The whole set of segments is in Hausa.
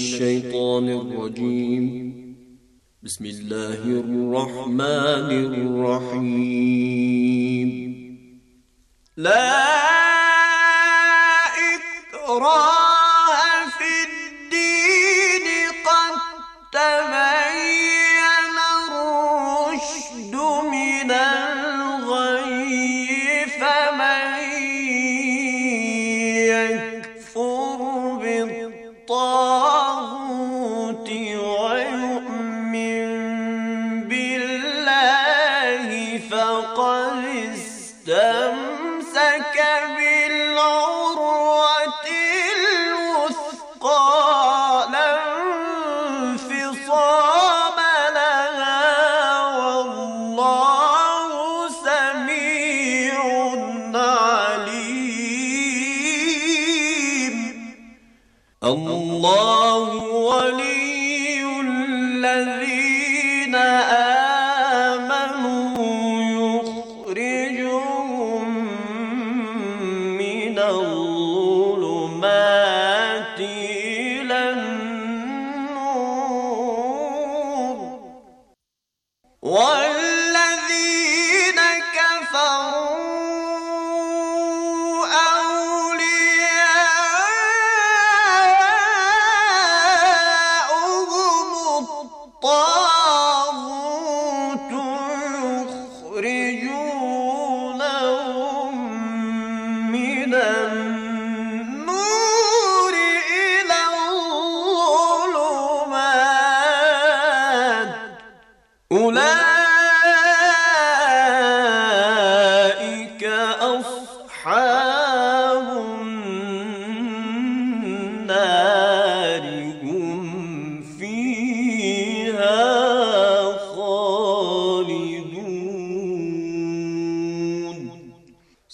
الشيطان الرجيم بسم الله الرحمن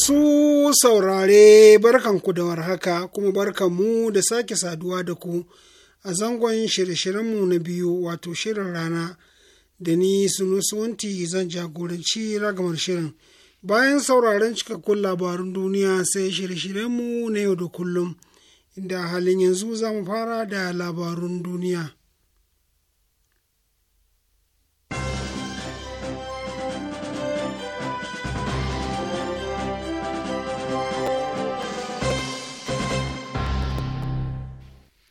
Masu saurare barkanku da warhaka kuma barkanmu da sake saduwa da ku a zangon shirye-shiryenmu na biyu wato shirin rana da ni sunusunti zan jagoranci ragamar shirin. Bayan sauraron cikakkun labarun duniya sai shirye-shiryenmu na yau da kullum inda halin yanzu za mu fara da labarun duniya.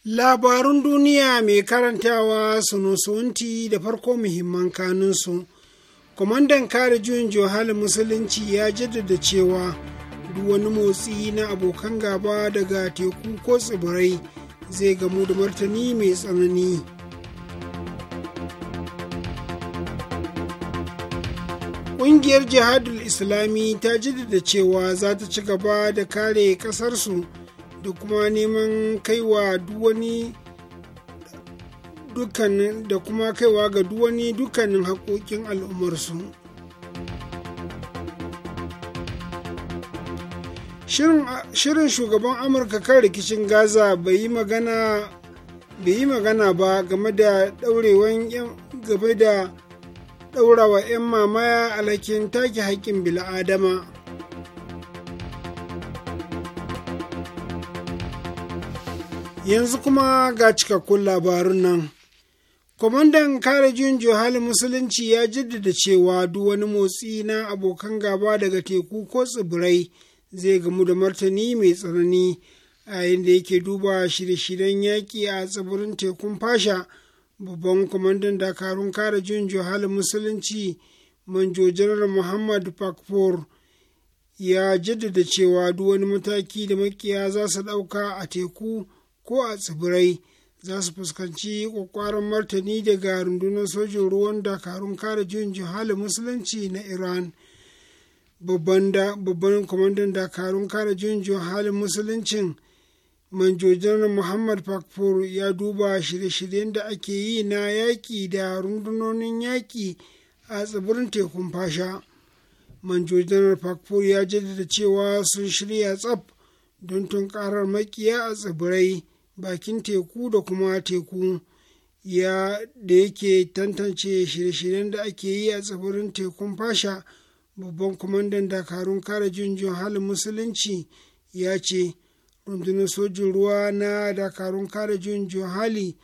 Labarun duniya mai karantawa sunusunti da farko muhimman kanunsu. Kwamandan kare juyin Johal Musulunci ya jaddada cewa duk wani motsi na abokan gaba daga teku ko tsibirai zai gamu da martani mai tsanani. Ƙungiyar jihadul Islami ta jaddada cewa za ta ci gaba da kare ƙasarsu. da kuma neman kaiwa duk dukkanin da kuma kaiwa ga duwani dukkanin haƙoƙin al'ummarsu. Shirin shugaban Amurka kan rikicin Gaza bai yi magana ba game da ɗaurewan da ɗaurawa 'yan mamaya alhakin take haƙƙin bil'adama. yanzu kuma ga cikakkun labarun nan kwamandan kare juyin johali musulunci ya jaddada cewa duk wani motsi na abokan gaba daga teku ko tsibirai zai gamu da martani mai tsanani a da yake duba shirye-shiryen yaƙi a tsibirin tekun fasha babban kwamandan dakarun kare juyin johali musulunci manjo janar muhammad pakpor ya jaddada cewa duk wani mataki da makiya za su ɗauka a teku ko a tsibirai za su fuskanci kwakwaran martani daga rundunar sojin ruwan dakarun kare juyin halin musulunci na iran babban kwamandan dakarun kare juyin halin musuluncin manjojinar muhammad fakfur ya duba shirye-shiryen da ake yi na yaƙi da rundunonin yaƙi a tsibirin tekun fasha manjojinar fakfur ya jaddada cewa sun shirya tsaf don tunkarar makiya a tsibirai bakin teku da kuma teku ya da yake tantance shirye-shiryen da ake yi a tsibirin tekun fasha babban kwamandan dakarun kare jinjin halin musulunci ya ce rundunar sojin ruwa na dakarun kare jinjin hali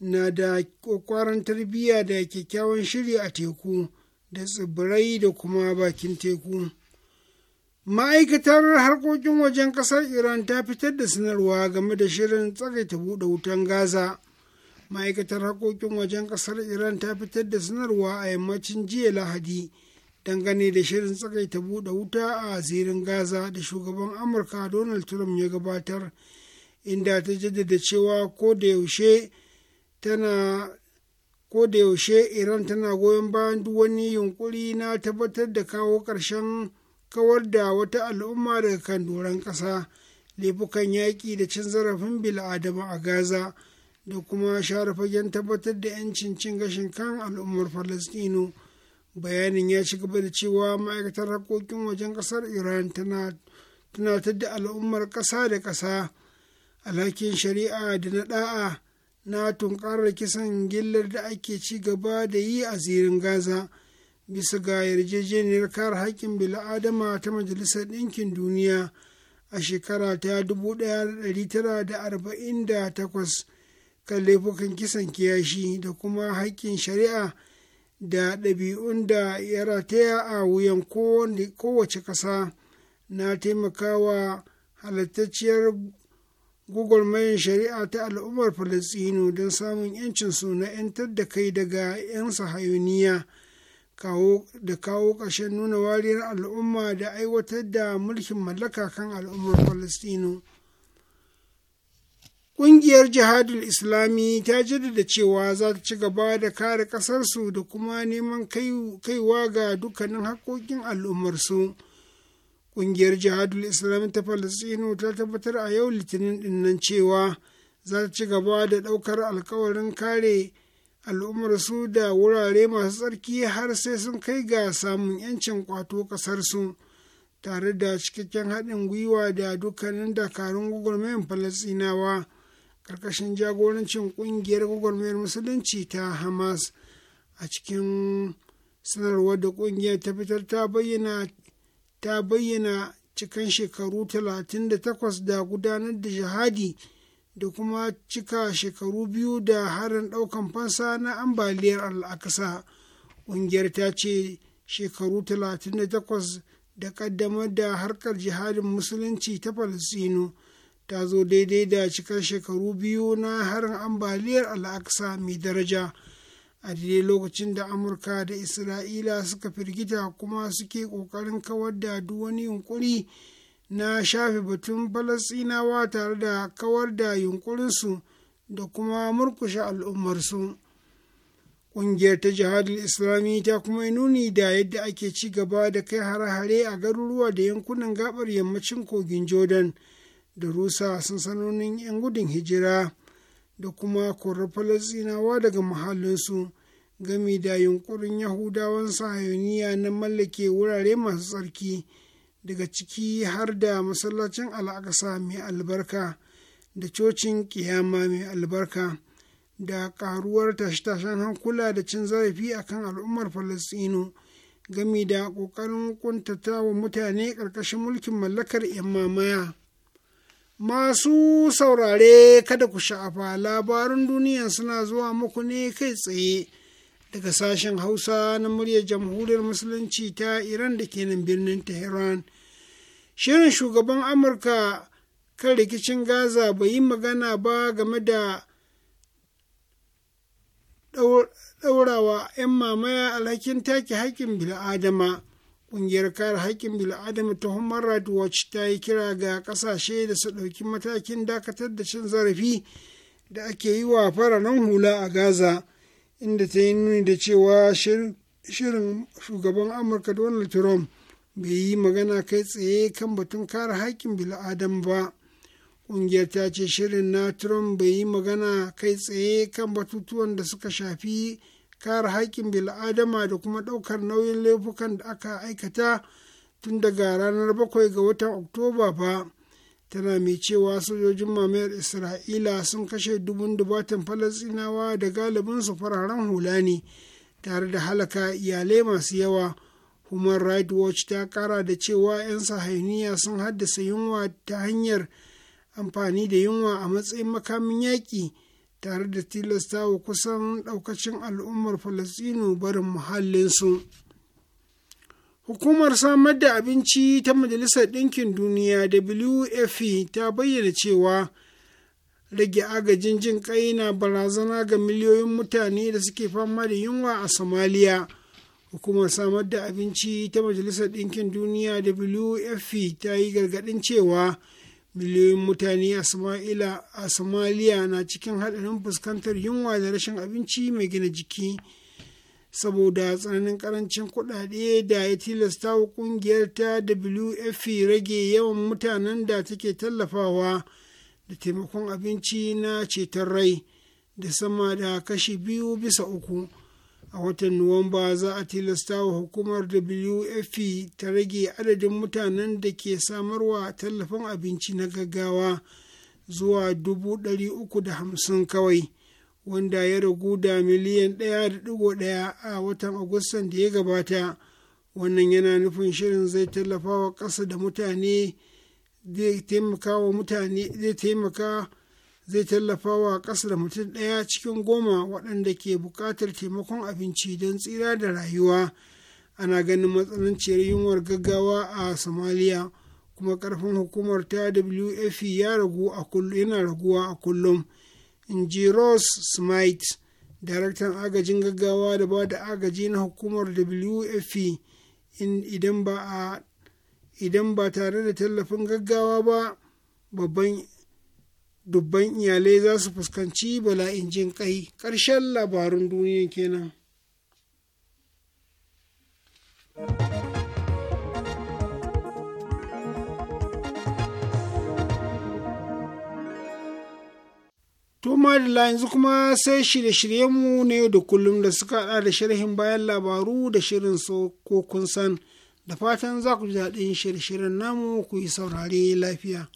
na da kwakwaran tarbiyya da kyakkyawan shiri a teku da tsibirai da kuma bakin teku. ma'aikatar harkokin wajen kasar iran ta fitar da sanarwa game da shirin tsagaita buɗe wutan gaza ma'aikatar harkokin wajen kasar iran ta fitar da sanarwa a yammacin jiya lahadi dangane da shirin tsagaita buɗe wuta a zirin gaza da shugaban amurka donald trump ya gabatar inda ta jaddada cewa ko da yaushe ko da yaushe iran tana goyon bayan duk wani yunkuri na tabbatar da kawo ƙarshen kawar da wata al'umma daga kan doron ƙasa laifukan yaƙi da cin zarafin bil'adama a gaza da kuma share fagen tabbatar da 'yancin cin gashin kan al'ummar falastino bayanin ya ci gaba da cewa ma'aikatar harkokin wajen ƙasar iran tana tunatar da al'ummar ƙasa da ƙasa alhakin shari'a da na ɗa'a na tunkarar kisan gillar da ake ci gaba da yi a zirin gaza bisa ga yarjejeniyar kare haƙƙin bil'adama ta majalisar ɗinkin duniya a shekara ta 1948 kan laifukan kisan kiyashi da kuma haƙƙin shari'a da ɗabi'un da ya rataya a wuyan kowace ƙasa na taimakawa halittacciyar mayan shari'a ta al'ummar falasino don samun 'yancinsu na 'yantar da kai daga 'yan sahayuniya. da kawo ƙarshen nuna wariyar al'umma da aiwatar da mulkin mallaka kan al'ummar falastinu Ƙungiyar jihadul Islami ta jaddada cewa za ta ci gaba da kare ƙasarsu da kuma neman kaiwa ga dukkanin haƙoƙin al'ummarsu. Ƙungiyar jihadul Islami ta Falasɗinu ta tabbatar a yau Litinin ɗinnan cewa za ta ci gaba da ɗaukar alkawarin kare al'ummar su da wurare masu tsarki har sai sun kai ga samun 'yancin kwato su tare da cikakken haɗin gwiwa da dukkanin dakarun gwagwarmayar falasinawa ƙarƙashin jagorancin ƙungiyar gwagwarmayar musulunci ta hamas a cikin sanarwar da ƙungiyar ta fitar ta bayyana ta bayyana cikin shekaru 38 da gudanar da jihadi da kuma cika shekaru biyu da harin ɗaukan fansa na ambaliyar al'akasa ƙungiyar ta ce shekaru 38 da ƙaddamar da harkar jihadin musulunci ta falasino ta zo daidai da cika shekaru biyu na harin ambaliyar al'aksa mai daraja a daidai lokacin da amurka da isra'ila suka firgita kuma suke ƙoƙarin kawar da duk wani yunƙuri na shafe batun falasinawa tare da kawar da yunkurinsu da kuma murkushe al'ummarsu ƙungiyar ta jihadul islami ta kuma nuni da yadda ake ci gaba da kai hare-hare a garuruwa da yankunan gabar yammacin kogin jordan da rusa sansanonin 'yan gudun hijira da kuma korar falasinawa daga muhallinsu, gami da yunkurin yahudawan sahayoniya na mallake wurare masu tsarki daga ciki har da masallacin al'aƙasa mai albarka da cocin ƙiyama mai albarka da ƙaruwar tashe-tashen hankula da cin zarafi akan al'ummar falasino gami da ƙoƙarin ƙuntata wa mutane ƙarƙashin mulkin mallakar 'yan mamaya masu saurare kada ku sha'afa labarin duniya suna zuwa muku ne kai tsaye daga sashen hausa na muryar jamhuriyar musulunci ta iran da ke birnin tehran shirin shugaban amurka kan rikicin gaza bai yi magana ba game da ɗaurawa 'yan mamaya alhakin take haƙƙin bil'adama ƙungiyar kare haƙƙin bil'adama ta human rights watch ta yi kira ga ƙasashe da su ɗauki matakin dakatar da cin zarafi da ake yi wa fararen hula a gaza inda ta yi nuni da cewa shirin shugaban amurka donald trump bai yi magana kai tsaye kan batun kare haƙƙin bil'adam ba ƙungiyar ta ce shirin na trump bai yi magana kai tsaye kan batutuwan da suka shafi kare haƙƙin bil'adama da kuma ɗaukar nauyin laifukan da aka aikata tun daga ranar 7 ga watan oktoba ba tana mai cewa sojojin mamayar isra'ila sun kashe dubun dubatan falasinawa da galibin su fararen hula ne tare da halaka iyalai masu yawa human right watch ta kara da cewa 'yan sahayuniya sun haddasa yunwa ta hanyar amfani da yunwa a matsayin makamin yaƙi tare da tilasta wa kusan ɗaukacin al'ummar falasinu barin muhallinsu. Hukumar samar da abinci ta Majalisar Ɗinkin Duniya WFP e, ta bayyana cewa rage agajin jin ƙai na barazana ga miliyoyin mutane da suke fama da yunwa a Somalia. Hukumar samar da abinci ta Majalisar Ɗinkin Duniya WFP e, ta yi gargaɗin cewa miliyoyin mutane a Somalia na cikin haɗarin fuskantar yunwa da rashin abinci mai gina jiki. saboda tsananin karancin kuɗaɗe da ya tilasta wa ƙungiyar ta wfp rage yawan mutanen da take tallafawa da taimakon abinci na ceton rai da sama da kashi biyu bisa uku a watan nuwamba za a tilasta wa hukumar wfp ta rage adadin mutanen da ke samarwa tallafin abinci na gaggawa zuwa dubu ɗari uku da hamsin kawai wanda ya ragu da miliyan 1.1 a watan agustan da ya gabata wannan yana nufin shirin zai tallafa wa ƙasa da zai tallafa wa ƙasa da mutum ɗaya cikin goma waɗanda ke buƙatar taimakon abinci don tsira da rayuwa ana ganin matsananciyar yunwar gaggawa a somaliya kuma ƙarfin hukumar ta wfp e yana raguwa a kullum in ji ross smith daraktan agajin gaggawa da ba da agaji na hukumar wfp e, idan ba a idan ba tare da tallafin gaggawa ba babban dubban iyalai za su fuskanci bala'in jin kai ƙarshen labarun duniya kenan. To Madalla yanzu kuma sai shirye-shiryenmu na yau da kullum da suka haɗa da sharhin bayan labaru da shirin ko kun san da fatan za ku ji daɗin shirye-shiryen namu ku yi saurare lafiya.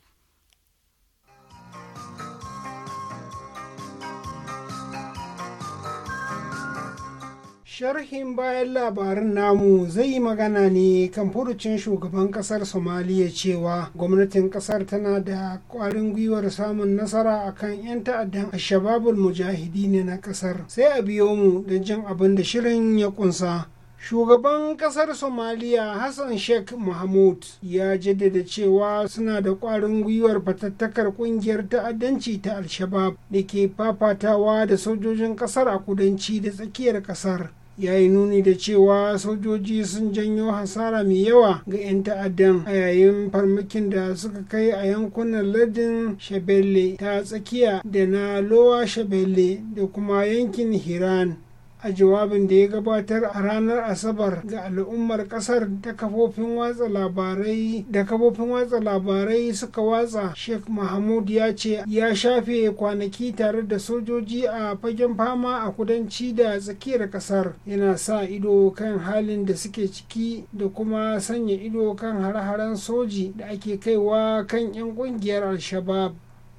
sharhin bayan labarin namu zai yi magana ne kan furucin shugaban kasar somaliya cewa gwamnatin kasar tana da kwarin gwiwar samun nasara a kan 'yan ta'addan ashababul mujahidi ne na kasar sai a biyo mu don jin abin da shirin ya kunsa shugaban kasar somaliya hassan sheikh mahmud ya jaddada cewa suna da kwarin gwiwar fatattakar kungiyar ta'addanci ta al-shabab da ke fafatawa da sojojin kasar a kudanci da tsakiyar kasar ya yi nuni da cewa sojoji sun janyo hasara mai yawa ga 'yan ta'addan a yayin farmakin da suka kai a yankunan lardin shabelle ta tsakiya da na lowa shabelle da kuma yankin hiran a jawabin da ya gabatar a ranar asabar ga al'ummar kasar ta kafofin watsa labarai da kafofin watsa labarai suka watsa sheikh mahmud ya ce ya shafe kwanaki tare da sojoji a fagen fama a kudanci da tsakiyar kasar yana sa ido kan halin da suke ciki da kuma sanya ido kan har haren soji da ake kaiwa kan 'yan kungiyar al-shabab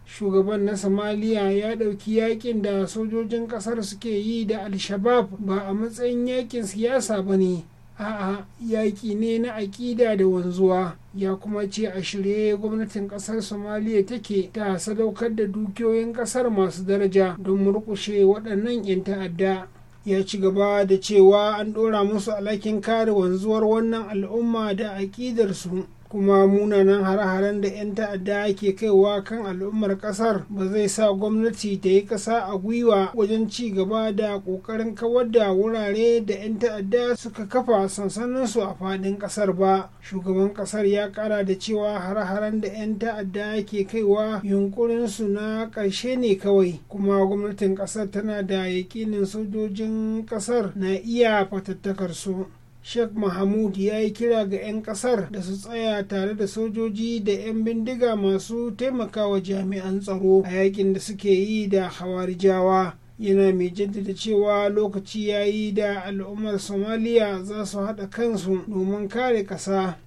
shugaban na somaliya ya ɗauki yakin da sojojin ƙasar suke yi da al-shabab ba a matsayin yakin siyasa ba ne a'a yaƙi ne na aƙida da wanzuwa ya kuma ce a shirye gwamnatin ƙasar somaliya take ta sadaukar da dukiyoyin ƙasar masu daraja don murƙushe waɗannan 'yan ta'adda ya ci gaba da cewa an ɗora musu alhakin kare wanzuwar wannan al'umma da aƙidarsu kuma munanan hare-haren da 'yan ta'adda ke kaiwa kan al'ummar kasar ba zai sa gwamnati ta yi kasa a gwiwa wajen ci gaba da kokarin kawar da wurare da 'yan ta'adda suka kafa sansaninsu a fadin kasar ba shugaban kasar ya kara da cewa hare-haren da 'yan ta'adda ke kaiwa yunkurin su na ƙarshe ne kawai kuma gwamnatin kasar tana da yakinin sojojin kasar na iya fatattakar su Sheikh Mahmud ya yi kira ga 'yan kasar da su tsaya tare da sojoji da 'yan bindiga masu taimakawa jami'an tsaro a yakin da suke yi da hawarijawa. yana mai jaddada cewa lokaci ya yi da al'ummar somaliya za su haɗa kansu domin kare ƙasa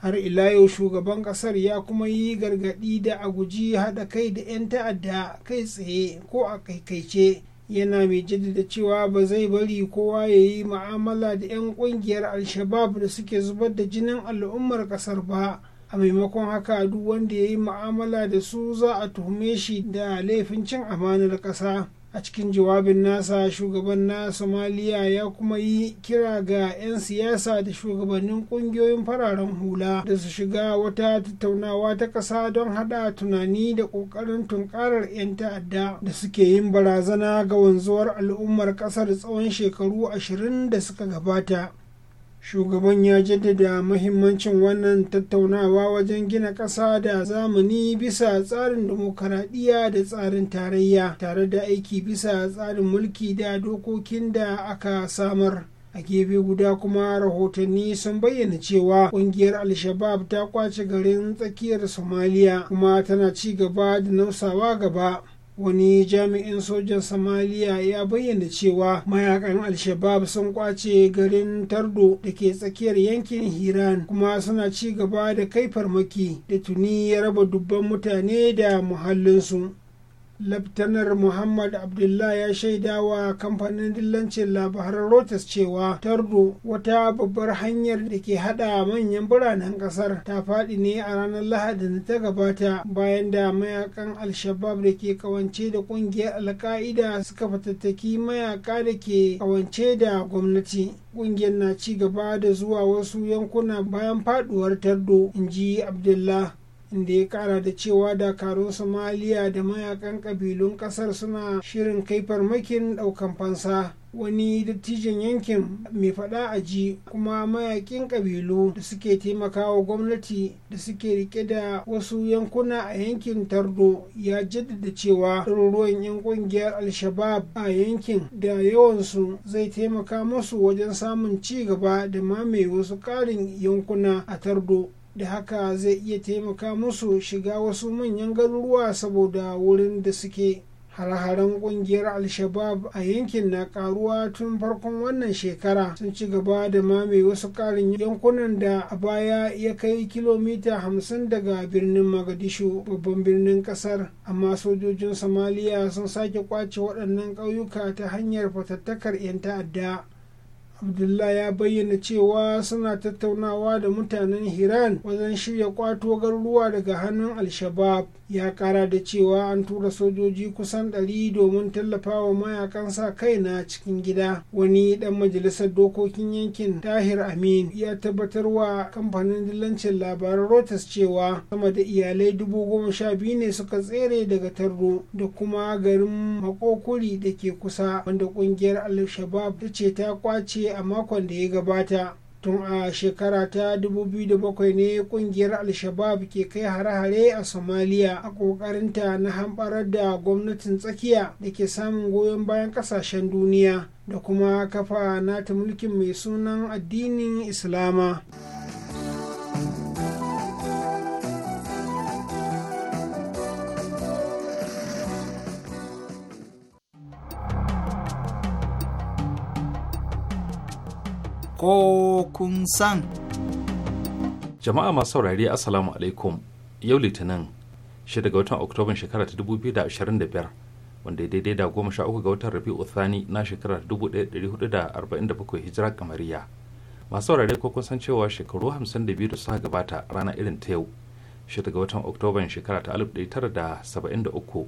har ila yau shugaban ƙasar ya kuma yi gargaɗi da a guji haɗa kai da 'yan ta'adda kai tsaye ko a kaikaice yana mai jaddada cewa ba zai bari kowa ya yi ma'amala da 'yan kungiyar al-shabab da suke zubar da jinin al'ummar kasar ba a maimakon haka duk wanda ya yi ma'amala da su za a tuhume shi da laifin cin amanar ƙasa a cikin jawabin nasa shugaban na somaliya ya kuma yi kira ga 'yan siyasa da shugabannin kungiyoyin fararen hula da su shiga wata tattaunawa ta ƙasa don hada tunani da ƙoƙarin tunkarar 'yan ta'adda da suke yin barazana ga wanzuwar al'ummar ƙasar tsawon shekaru ashirin da suka gabata shugaban ya jaddada mahimmancin wannan tattaunawa wajen gina ƙasa da zamani bisa tsarin demokaradiyya da tsarin tarayya tare da aiki bisa tsarin mulki da dokokin da aka samar a gefe guda kuma rahotanni sun bayyana cewa kungiyar al-shabab ta kwace garin tsakiyar somaliya kuma tana ci gaba da nausawa gaba wani jami'in sojan somaliya ya bayyana cewa mayakan al-shabab sun kwace garin tardo da ke tsakiyar yankin hiran kuma suna ci gaba da kai farmaki da tuni ya raba dubban mutane da muhallinsu laftanar muhammad Abdullahi ya shaida wa kamfanin dillancin labaran rotas cewa tardo wata babbar hanyar da ke hada manyan biranen kasar ta faɗi ne a ranar lahadi da ta gabata bayan da mayakan al-shabab da ke kawance da kungiyar alka'ida suka fatattaki mayaka da ke kawance da gwamnati kungiyar na ci gaba da zuwa wasu yankuna bayan faduwar tardo in ji abdullah inda ya kara da cewa dakarun somaliya da mayakan kabilun kasar suna shirin kai farmakin daukan fansa wani dattijan yankin mai fada a ji kuma mayakin kabilu da suke taimakawa gwamnati da suke rike da wasu yankuna a yankin tardo ya jaddada cewa ɗaruruwan 'yan ƙungiyar al-shabab a yankin da yawansu zai taimaka masu wajen samun ci gaba da mamaye wasu ƙarin yankuna a tardo da haka zai iya taimaka musu shiga wasu manyan garuruwa saboda wurin da suke hare-haren kungiyar al-shabab a yankin na karuwa tun farkon wannan shekara sun ci gaba da mame wasu karin yankunan da a baya ya kai kilomita 50 daga birnin magadishu babban birnin kasar amma sojojin somaliya sun sake kwace waɗannan ƙauyuka ta hanyar fatattakar 'yan ta'adda abdullah ya bayyana cewa suna tattaunawa da mutanen hiran wajen shirya kwato garuruwa daga hannun al ya kara da cewa an tura sojoji kusan ɗari domin tallafawa mayakan sa kai na cikin gida wani ɗan majalisar dokokin yankin tahir amin ya tabbatar wa kamfanin dillancin labaran rotas cewa sama da iyalai dubu goma sha biyu ne suka tsere daga tarro da kuma garin makokuri da ke kusa wanda ƙungiyar al-shabab ta ce ta kwace a makon da ya gabata tun a shekara ta 2007 ne kungiyar al-shabab ke kai hare-hare a somaliya a kokarinta na hamɓarar da gwamnatin tsakiya da ke samun goyon bayan ƙasashen duniya da kuma kafa nata mulkin mai sunan addinin islama. ko kun san. Jama'a masu saurari Assalamu alaikum yau Litinin shi daga watan Oktoban shekara ta 2025 wanda daidai da goma sha uku ga watan Rabi'u Thani na shekara 1447 hijira kamariya. Masu saurari ko kun san cewa shekaru 52 da suka gabata rana irin ta yau shi daga watan Oktoban shekara ta 1973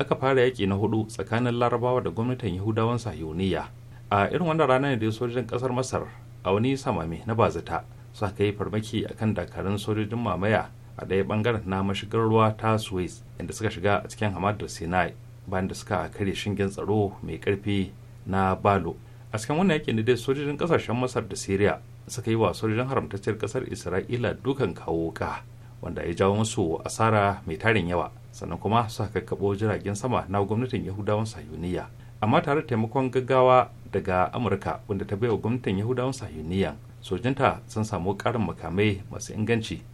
aka fara yaƙi na hudu tsakanin larabawa da gwamnatin yahudawan sahiyoniya a irin wannan rana ne da sojojin ƙasar masar a wani samami na bazata su haka yi farmaki akan dakarun sojojin mamaya a ɗaya bangaren na mashigar ruwa ta suez inda suka shiga a cikin hamadar sinai bayan da suka karya shingen tsaro mai karfi na balo a cikin wannan yakin da dai sojojin kasashen masar da siriya suka yi wa sojojin haramtacciyar kasar isra'ila dukan kawo ka wanda ya jawo musu asara mai tarin yawa sannan kuma suka kakkaɓo jiragen sama na gwamnatin yahudawan sayuniya amma tare da taimakon gaggawa daga amurka wanda ta baiwa gwamnatin yahudawan sahiyuniyan sojanta sun samu karin makamai masu inganci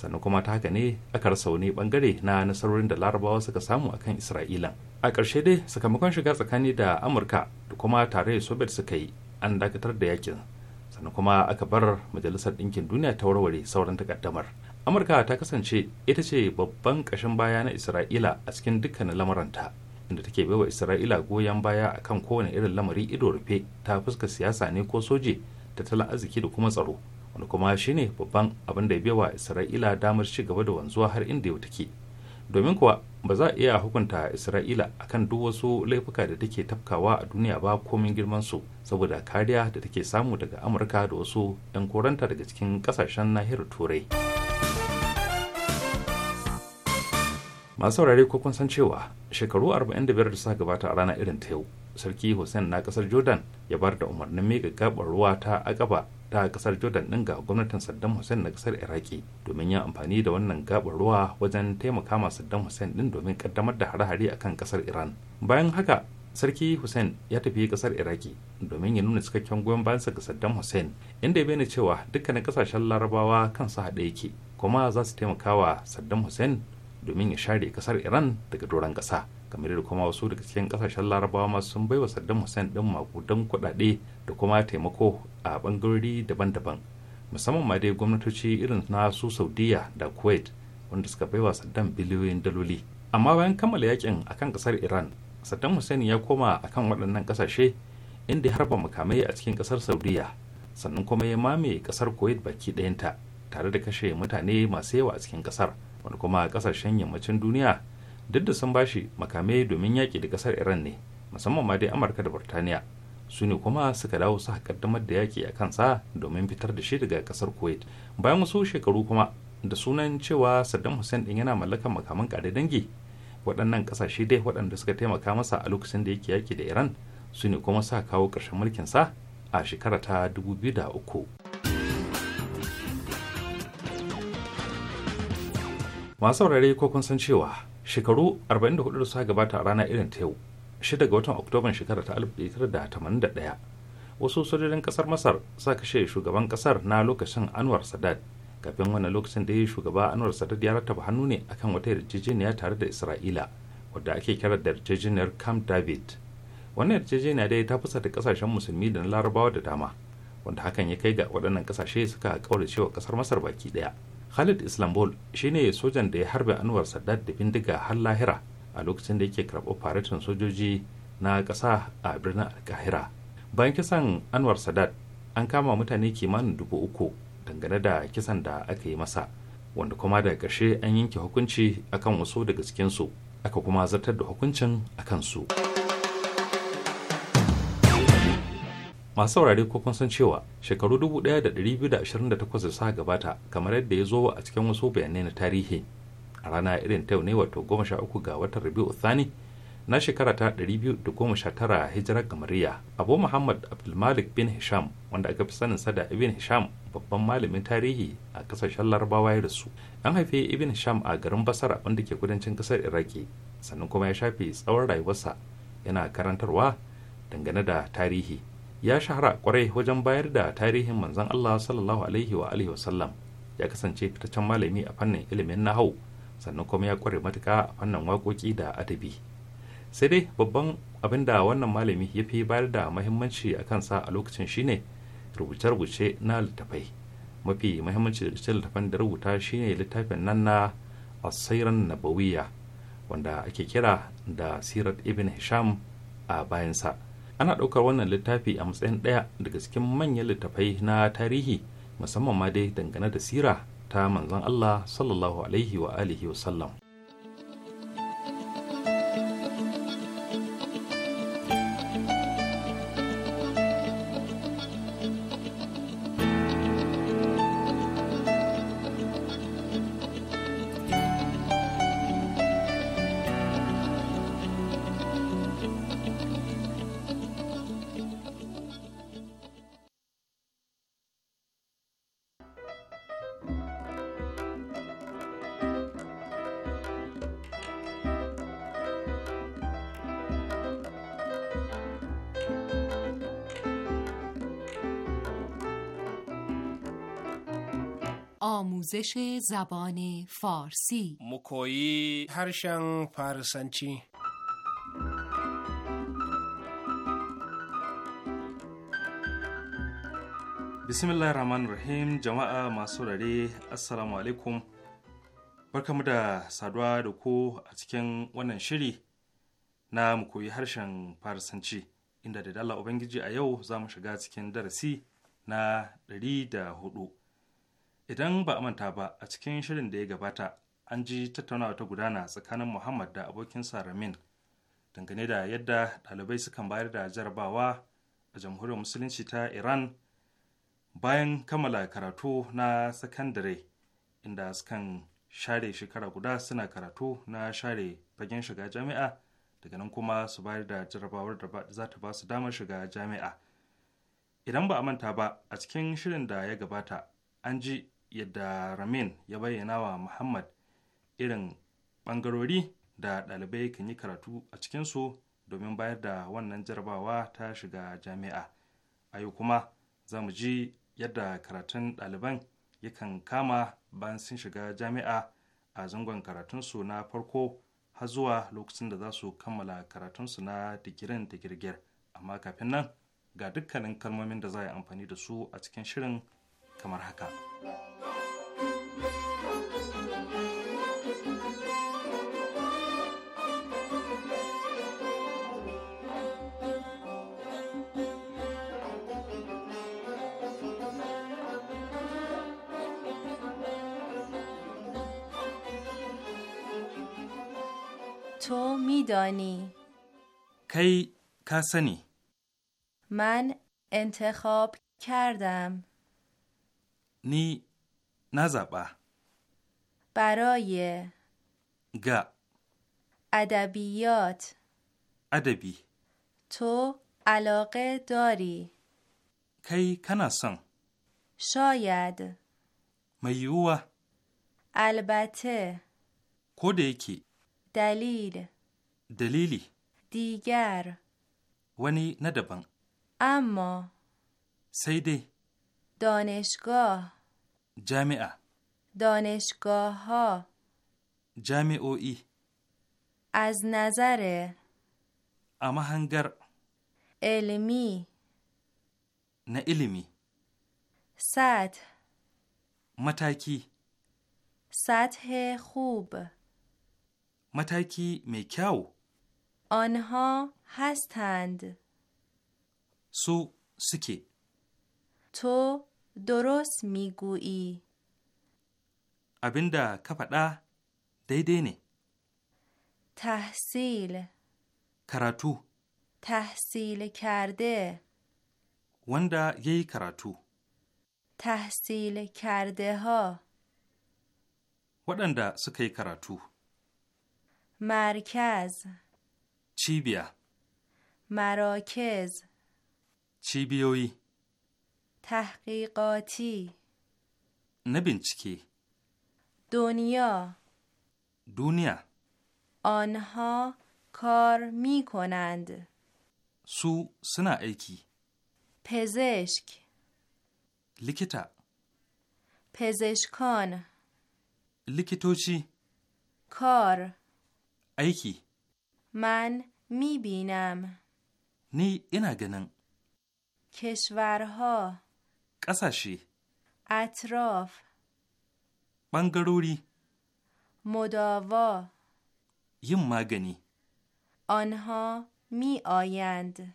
sannan kuma ta haka ne aka rasa wani bangare na nasarorin da larabawa suka samu kan isra'ila a ƙarshe dai sakamakon shiga tsakani da amurka da kuma tare soviet suka yi an dakatar da yakin sannan kuma aka bar majalisar ɗinkin duniya ta warware sauran takaddamar amurka ta kasance ita ce babban ƙashin baya na isra'ila a cikin dukkanin lamuranta inda take baiwa isra'ila goyon baya a kan kowane irin lamari ido rufe ta fuska siyasa ne ko soje tattalin arziki da kuma tsaro wani kuma shine babban abin da ya baiwa isra'ila damar ci gaba da wanzuwa har inda yau take domin kuwa ba za a iya hukunta isra'ila akan duk wasu laifuka da take tafkawa a duniya ba komin girman su saboda kariya da take samu daga amurka da wasu 'yan koranta daga cikin kasashen nahiyar turai masu saurare ko kun san cewa shekaru 45 da suka gabata a rana irin ta yau sarki hussein na kasar jordan ya bar da umarnin mega gabar ruwa ta agaba ta kasar jordan din ga gwamnatin saddam hussein na kasar iraki domin yin amfani da wannan gabar ruwa wajen taimaka ma saddam hussein din domin kaddamar da hare-hare kan kasar iran bayan haka sarki hussein ya tafi kasar iraki domin ya nuna cikakken goyon bayansa ga saddam hussein inda ya bayyana cewa dukkanin kasashen larabawa kansu haɗe yake kuma za su taimaka wa saddam hussein domin ya share kasar iran daga doron kasa kamar da kuma wasu daga cikin kasashen larabawa masu sun baiwa saddam hussein din makudan kudade da kuma taimako a bangarori daban-daban musamman ma dai gwamnatoci irin na su saudiya da kuwait wanda suka baiwa saddam biliyoyin daloli amma bayan kammala yakin akan kasar iran saddam hussein ya koma akan waɗannan kasashe inda ya harba makamai a cikin kasar saudiya sannan kuma ya mame kasar kuwait baki ɗayanta tare da kashe mutane masu yawa a cikin kasar wani kuma kasashen yammacin duniya duk da sun bashi makamai domin yaƙi da ƙasar iran ne musamman ma dai amurka da burtaniya su ne kuma suka dawo su kaddamar da yaƙi a kansa domin fitar da shi daga ƙasar kuwait bayan wasu shekaru kuma da sunan cewa saddam hussein din yana mallakan makaman ƙare dangi waɗannan ƙasashe dai waɗanda suka taimaka masa a lokacin da yake yaƙi da iran su ne kuma sa kawo ƙarshen mulkinsa a shekara ta 2003 masu saurari ko kun san cewa shekaru 44 da suka gabata a rana irin ta yau 6 ga watan oktoban shekara ta 1981 wasu sojojin kasar masar sa kashe shugaban kasar na lokacin anwar sadad kafin wannan lokacin da ya shugaba anwar sadad ya rattaba hannu ne akan wata yarjejeniya tare da isra'ila wadda ake kira da yarjejeniyar camp david wannan yarjejeniya dai ta fusa da kasashen musulmi da na larabawa da dama wanda hakan ya kai ga waɗannan kasashe suka kaurace cewa kasar masar baki ɗaya khalid islambol shine sojan da ya harbe anwar sadat da bindiga har lahira a lokacin da yake karɓo faretin sojoji na ƙasa a birnin alkahira bayan kisan anwar sadat an kama mutane kimanin dubu uku dangane da kisan da aka yi masa wanda kuma daga ƙarshe an yanke hukunci akan wasu daga cikinsu aka kuma zartar da hukuncin akan su. masu saurari ko kun san cewa shekaru 1228 da suka gabata kamar yadda ya zo a cikin wasu bayanai na tarihi a rana irin ta ne wato 13 ga watan rabiu thani na shekara ta 219 hijirar gamariya abu muhammad abdulmalik bin hisham wanda aka fi saninsa da ibn hisham babban malamin tarihi a kasashen larabawa ya rasu an haife ibn hisham a garin basara wanda ke kudancin kasar iraki sannan kuma ya shafe tsawon rayuwarsa yana karantarwa dangane da tarihi ya shahara kwarai wajen bayar da tarihin manzon Allah sallallahu alaihi wa alihi ya kasance fitaccen malami a fannin ilimin nahau sannan kuma ya kware matuka a fannin waƙoƙi da adabi sai dai babban abin da wannan malami ya fi bayar da muhimmanci a kansa a lokacin shine rubuce-rubuce na littafai mafi muhimmanci da littafan da rubuta shine littafin nan na asiran nabawiya wanda ake kira da sirat ibn hisham a bayansa. ana ɗaukar wannan littafi a matsayin ɗaya daga cikin manyan littafai na tarihi musamman ma dai dangane da sira ta manzon Allah sallallahu alaihi wa alihi wa sallam آموزش زبان فارسی مکویی هرشن فارسنچی bismillah rahman rahim jama'a masu rare assalamu alaikum barkamu da saduwa da ku a cikin wannan shiri na mu koyi harshen farisanci inda da dala ubangiji a yau za mu shiga cikin darasi na 104 idan ba a manta ba a cikin shirin da ya gabata an ji tattaunawa ta gudana tsakanin muhammad da abokinsa ramin dangane da yadda ɗalibai sukan bayar da jarabawa a jamhuriyar musulunci ta iran bayan kammala karatu na sakandare inda sukan share shekara guda suna karatu na share fagen shiga jami'a daga nan kuma su bayar da jarabawar da za ta ba su damar shiga jami'a idan ba a manta ba a cikin shirin da ya gabata an ji yadda ramin ya bayyana wa muhammad irin bangarori da ɗalibai kan yi karatu a cikinsu domin bayar da wannan jarabawa ta shiga jami'a a yau kuma za mu ji yadda karatun ɗaliban yakan kama bayan sun shiga jami'a a zangon karatunsu na farko har zuwa lokacin da za su kammala karatunsu na digirin digirgir amma kafin nan ga dukkanin kalmomin da za a yi amfani da su a cikin shirin تو میدانی کی کسنی من انتخاب کردم ni na zaɓa. Baroye ga adabiyot adabi to aloƙe dori kai kana son shoyad mai yiwuwa albate ko da yake dalil dalili digar wani na daban amma sai dai دانشگاه جامعه دانشگاه ها ای از نظر اما هنگر علمی نه علمی سطح متاکی سطح خوب متاکی میکاو آنها هستند سو سکی تو درست میگویی ابنده کفده دیده نی تحصیل کراتو تحصیل کرده ونده یه کراتو تحصیل کرده ها ودنده سکه کراتو مرکز چی بیا مراکز چی بیوی. تحقیقاتی نه چکی دنیا دنیا آنها کار می کنند سو سنا ایکی پزشک لیکتا پزشکان لیکتوچی کار ایکی من می بینم نی اینا گنن کشورها ƙasashe اطراف ɓangarori مداوا yin magani آنها می آیند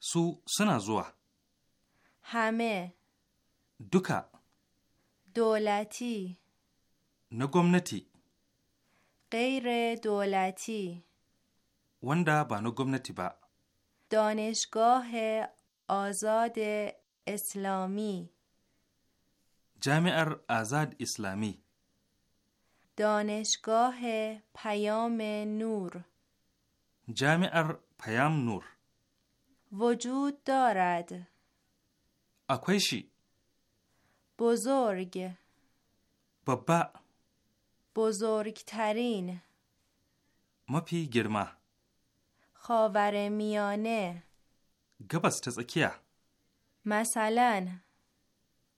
سو سنا زوا همه دکا دولتی نگمنتی غیر دولتی وندا با نگمنتی با دانشگاه آزاد اسلامی جامعه آزاد اسلامی دانشگاه پیام نور جامعه پیام نور وجود دارد اکویشی بزرگ بابا بزرگترین ما پی گرما خاور میانه گبس تزکیه مثلا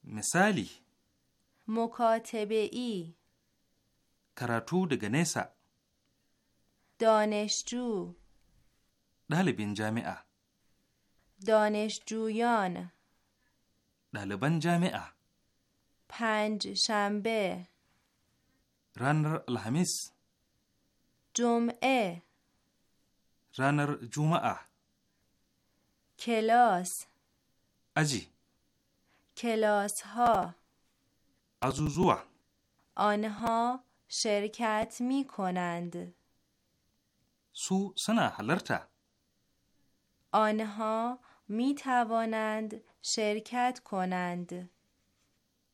مثالی مکاتبه ای کراتو دگنیسا دانشجو دانشجو ɗalibin جامعه دانشجویان ɗaliban جامعه پنج شنبه رانر الهمیس جمعه رانر جمعه کلاس اجی کلاس ها ازوزوه آنها شرکت می کنند سو سنا حلرتا آنها می توانند شرکت کنند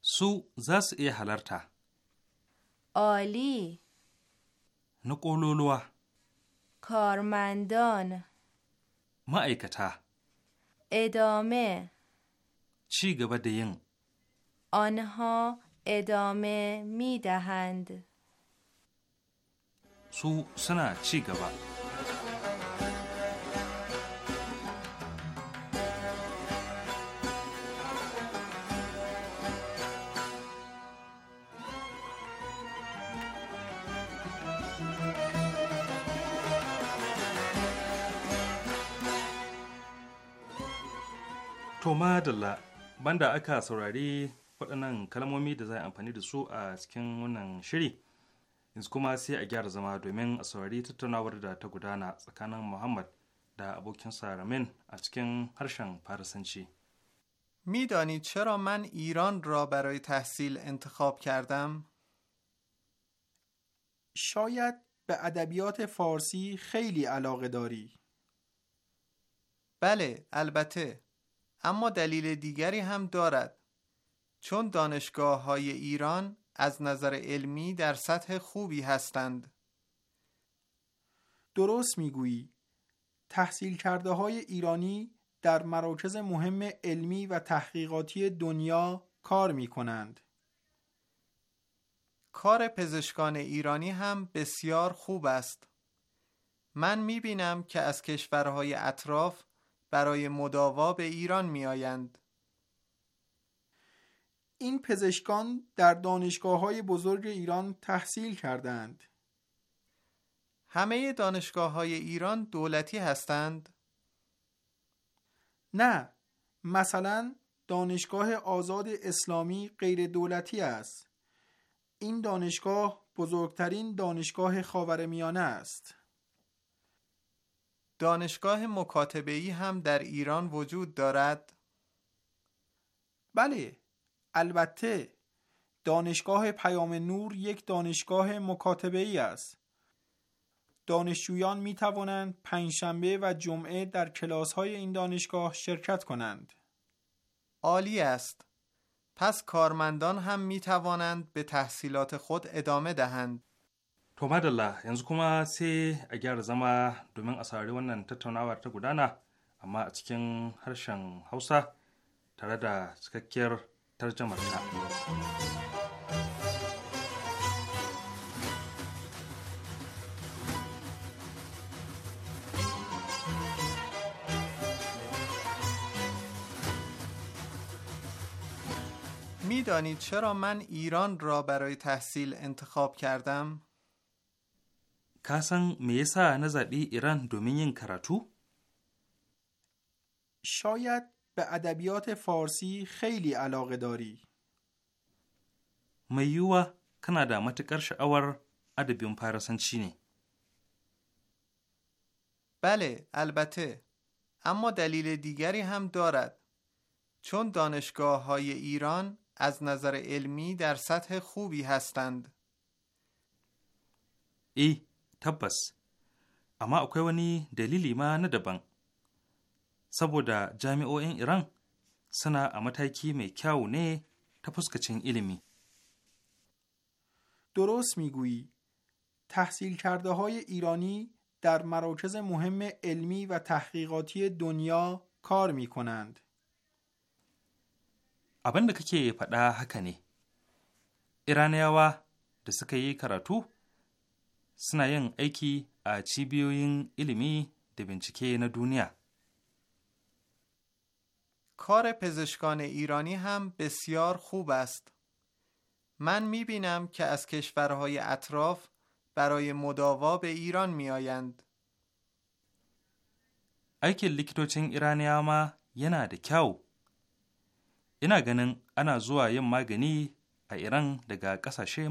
سو زس ای حلرتا عالی نقولولوا کارمندان ایکتا ادامه چی گبه دین آنها ادامه می دهند سو سنا چی گبه تو مادلا banda aka saurari waɗannan kalmomi da za a amfani da su a cikin wannan shiri yanzu kuma sai a gyara zama domin a saurari tattaunawar da ta gudana tsakanin muhammad da abokinsa ramin a cikin harshen farisanci میدانی چرا من ایران را برای تحصیل انتخاب کردم؟ شاید به ادبیات فارسی خیلی علاقه داری. بله، البته. اما دلیل دیگری هم دارد چون دانشگاه های ایران از نظر علمی در سطح خوبی هستند درست میگویی تحصیل کرده های ایرانی در مراکز مهم علمی و تحقیقاتی دنیا کار می کنند. کار پزشکان ایرانی هم بسیار خوب است. من می بینم که از کشورهای اطراف برای مداوا به ایران می آیند. این پزشکان در دانشگاه های بزرگ ایران تحصیل کردند. همه دانشگاه های ایران دولتی هستند؟ نه، مثلا دانشگاه آزاد اسلامی غیر دولتی است. این دانشگاه بزرگترین دانشگاه خاورمیانه است. دانشگاه مکاتبه هم در ایران وجود دارد؟ بله، البته دانشگاه پیام نور یک دانشگاه مکاتبه ای است. دانشجویان می توانند پنجشنبه و جمعه در کلاس های این دانشگاه شرکت کنند. عالی است. پس کارمندان هم می توانند به تحصیلات خود ادامه دهند. To madalla yanzu kuma sai a gyara zama domin a saurari wannan tattaunawar ta gudana amma a cikin harshen Hausa tare da cikakkiyar tarjamarta. میدانید چرا من ایران را برای تحصیل انتخاب کردم؟ ka san me yasa na zaɓi ایران دومین yin karatu? شاید به ادبیات فارسی خیلی علاقه داری. میوه kana da شعور sha'awar adabin بله البته اما دلیل دیگری هم دارد چون دانشگاه های ایران از نظر علمی در سطح خوبی هستند ای tabbas amma akwai wani dalili ma na daban saboda jami'o'in iran suna a mataki mai kyawu ne ta fuskacin ilimi درست میگویی تحصیل کرده های ایرانی در مراکز مهم علمی و تحقیقاتی دنیا کار می کنند. abin da kake faɗa haka ne iraniyawa da suka yi karatu suna yin aiki a cibiyoyin ilimi da bincike na duniya. کار پزشکان ایرانی هم بسیار خوب است. من می بینم که از کشورهای اطراف برای مداوا به ایران می آیند. ای که لیکتو ایرانی آما یه ده اینا گنن انا زوا یه ایران دگا کسا شه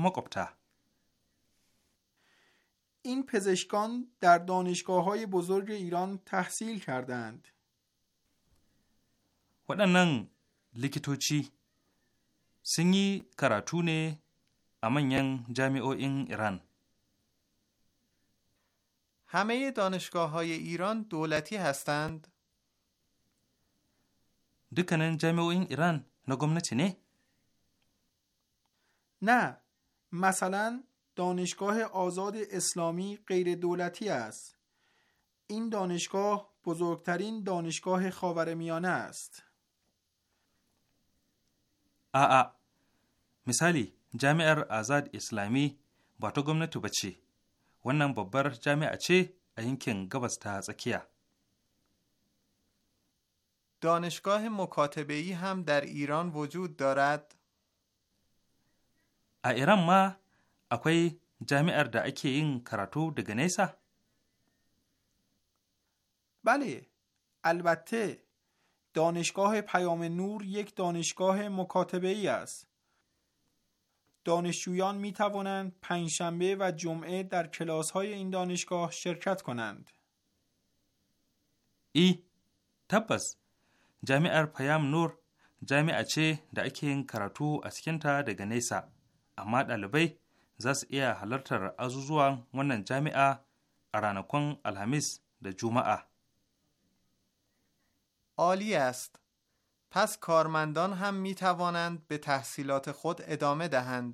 این پزشکان در دانشگاه های بزرگ ایران تحصیل کردند. waɗannan لیکیتوچی سنگی yi امنین ne این ایران همه دانشگاه های ایران دولتی هستند؟ دکنن این ایران نگم نه؟ نه مثلا دانشگاه آزاد اسلامی غیر دولتی است. این دانشگاه بزرگترین دانشگاه خاورمیانه است. آ مثالی جامعه آزاد اسلامی با تو gwamnati ba بچی wannan babbar jami'a ce a yankin gabas ta tsakiya دانشگاه مکاتبه هم در ایران وجود دارد؟ ایران ما akwai jami'ar da ake yin karatu daga nesa? بله البته دانشگاه پیام نور یک دانشگاه مکاتبه ای است دانشجویان می توانند پنجشنبه و جمعه در کلاس های این دانشگاه شرکت کنند ای تبس جامعه پیام نور جامعه چه در اکین کراتو اسکنتا دگه نیسا اما دالبی za su iya halartar azuzuwan wannan jami'a a ranakun Alhamis da Juma'a. oliast است. پس کارمندان هم می توانند به تحصیلات da ادامه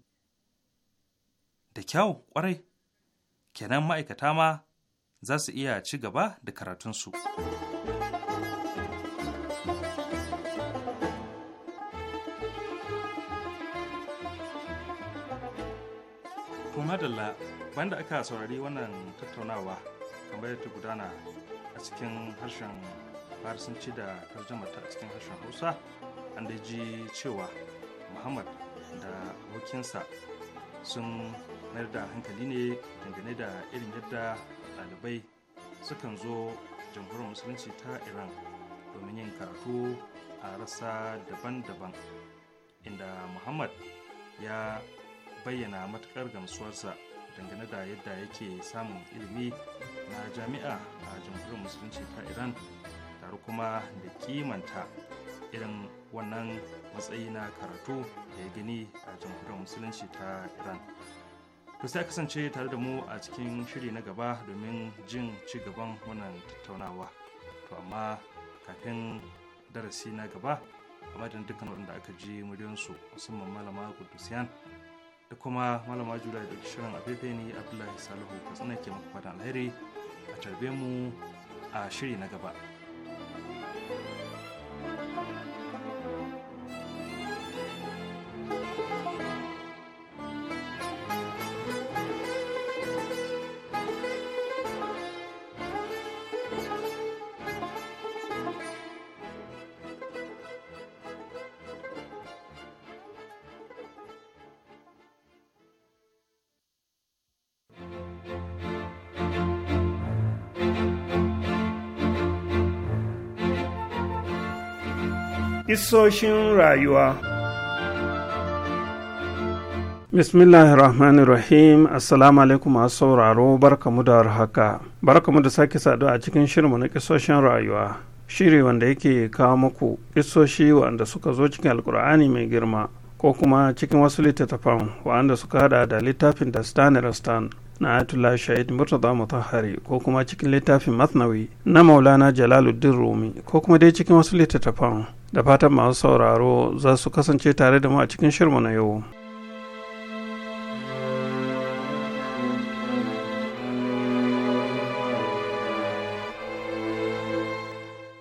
Da kyau kwarai, kenan ma'aikata ma za su iya ci gaba da karatunsu. madalla da aka saurari wannan tattaunawa kamar yadda gudana a cikin harshen farisanci da tarjamata a cikin harshen hausa an da ji cewa muhammad da abokinsa sun mayar da hankali ne dangane da irin yadda ɗalibai sukan zo jamhuriyar musulunci ta iran domin yin karatu a rasa daban-daban inda muhammad ya bayyana matukar gamsuwarsa dangane da yadda yake samun ilimi na jami'a a jamhuriyar musulunci ta iran tare kuma da kimanta irin wannan matsayi na karatu da ya gani a jamhuriyar musulunci ta iran to sai kasance tare da mu a cikin shiri na gaba domin jin ci gaban wannan tattaunawa to amma kafin darasi na gaba a madadin dukkan wanda aka ji muryansu musamman malama kudusiyan da kuma malama jula da shirin afefe ne abdullahi salihu katsina ke maka fatan alheri a tarbe mu a shiri na gaba. Kissoshin rayuwa Bismillahirrahmanirrahim Assalamu alaikum masu sauraro barkamu da haka. Barkamu da sake saduwa a cikin shirinmu na kisoshin rayuwa. Shiri wanda yake kawo muku kisoshi wanda suka zo cikin alkur'ani mai girma ko kuma cikin wasu littattafan wanda suka hada da littafin da Stan na Atula Shahid Murtaza Mutahhari ko kuma cikin littafin Masnawi na Maulana Jalaluddin Rumi ko kuma dai cikin wasu littattafan da fatan masu sauraro za su kasance tare da mu a cikin shirmu na yau.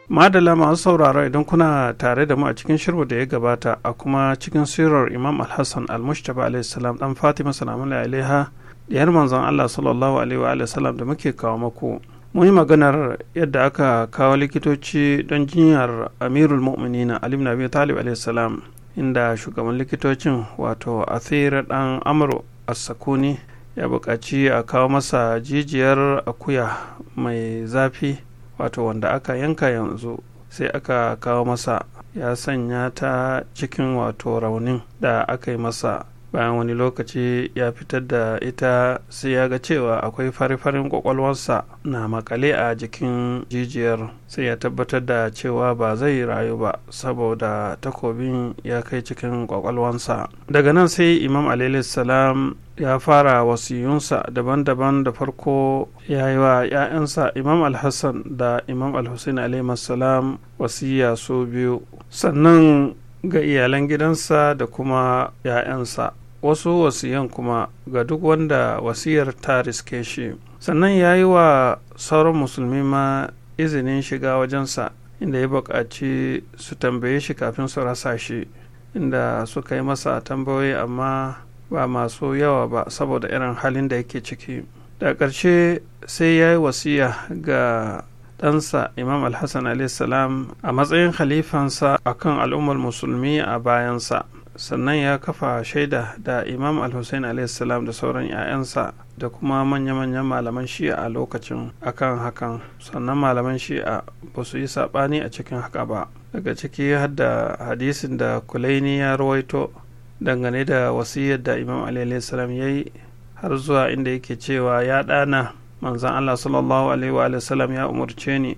madala masu sauraro idan kuna tare da mu a cikin shirbu da ya gabata a kuma cikin sirar imam alhassan almustapha alaihissalam dan fatima salamun alaiha 'yar manzon Allah sallallahu alaihi wa sallam da muke kawo maku mun yi maganar yadda aka kawo likitoci don jinyar amirul mu'minina ali ibn abi talib alaihi salam inda shugaban likitocin wato athira dan Amru as-sakuni ya buƙaci a kawo masa jijiyar akuya mai zafi wato wanda aka yanka yanzu sai aka kawo masa ya sanya ta cikin wato raunin da aka yi masa bayan wani lokaci ya fitar da ita sai ya ga cewa akwai fari-farin kwakwalwarsa na makale a jikin jijiyar sai ya tabbatar da cewa ba zai rayu ba saboda takobin ya kai cikin kwakwalwarsa daga nan sai imam salam ya fara wasiyunsa daban-daban da farko ya yi wa 'ya'yansa imam alhassan da imam alhussein salam wasiya su biyu sannan ga iyalan gidansa da kuma 'ya'yansa wasu wasiyan kuma ga duk wanda wasiyar ta riske shi sannan ya yi wa sauran musulmi ma izinin shiga wajensa inda ya buƙaci su tambaye shi kafin su rasa shi inda suka yi masa tambayoyi amma ba masu yawa ba saboda irin halin da yake ciki da ƙarshe sai ya yi wasiya ga ɗansa imam alhassan a matsayin khalifansa akan al'ummar musulmi a bayansa sannan ya kafa shaida da imam al-hussein salam da sauran 'ya'yansa da kuma manya-manyan malaman shi'a a lokacin akan hakan sannan malaman shi'a ba su yi saɓani a cikin haka ba daga ciki hadda hadisin da kulaini ya rawaito dangane da wasiyar da imam salam ya yi har zuwa inda yake cewa ya ɗana manzan allah sallallahu alaihi ya umarce ni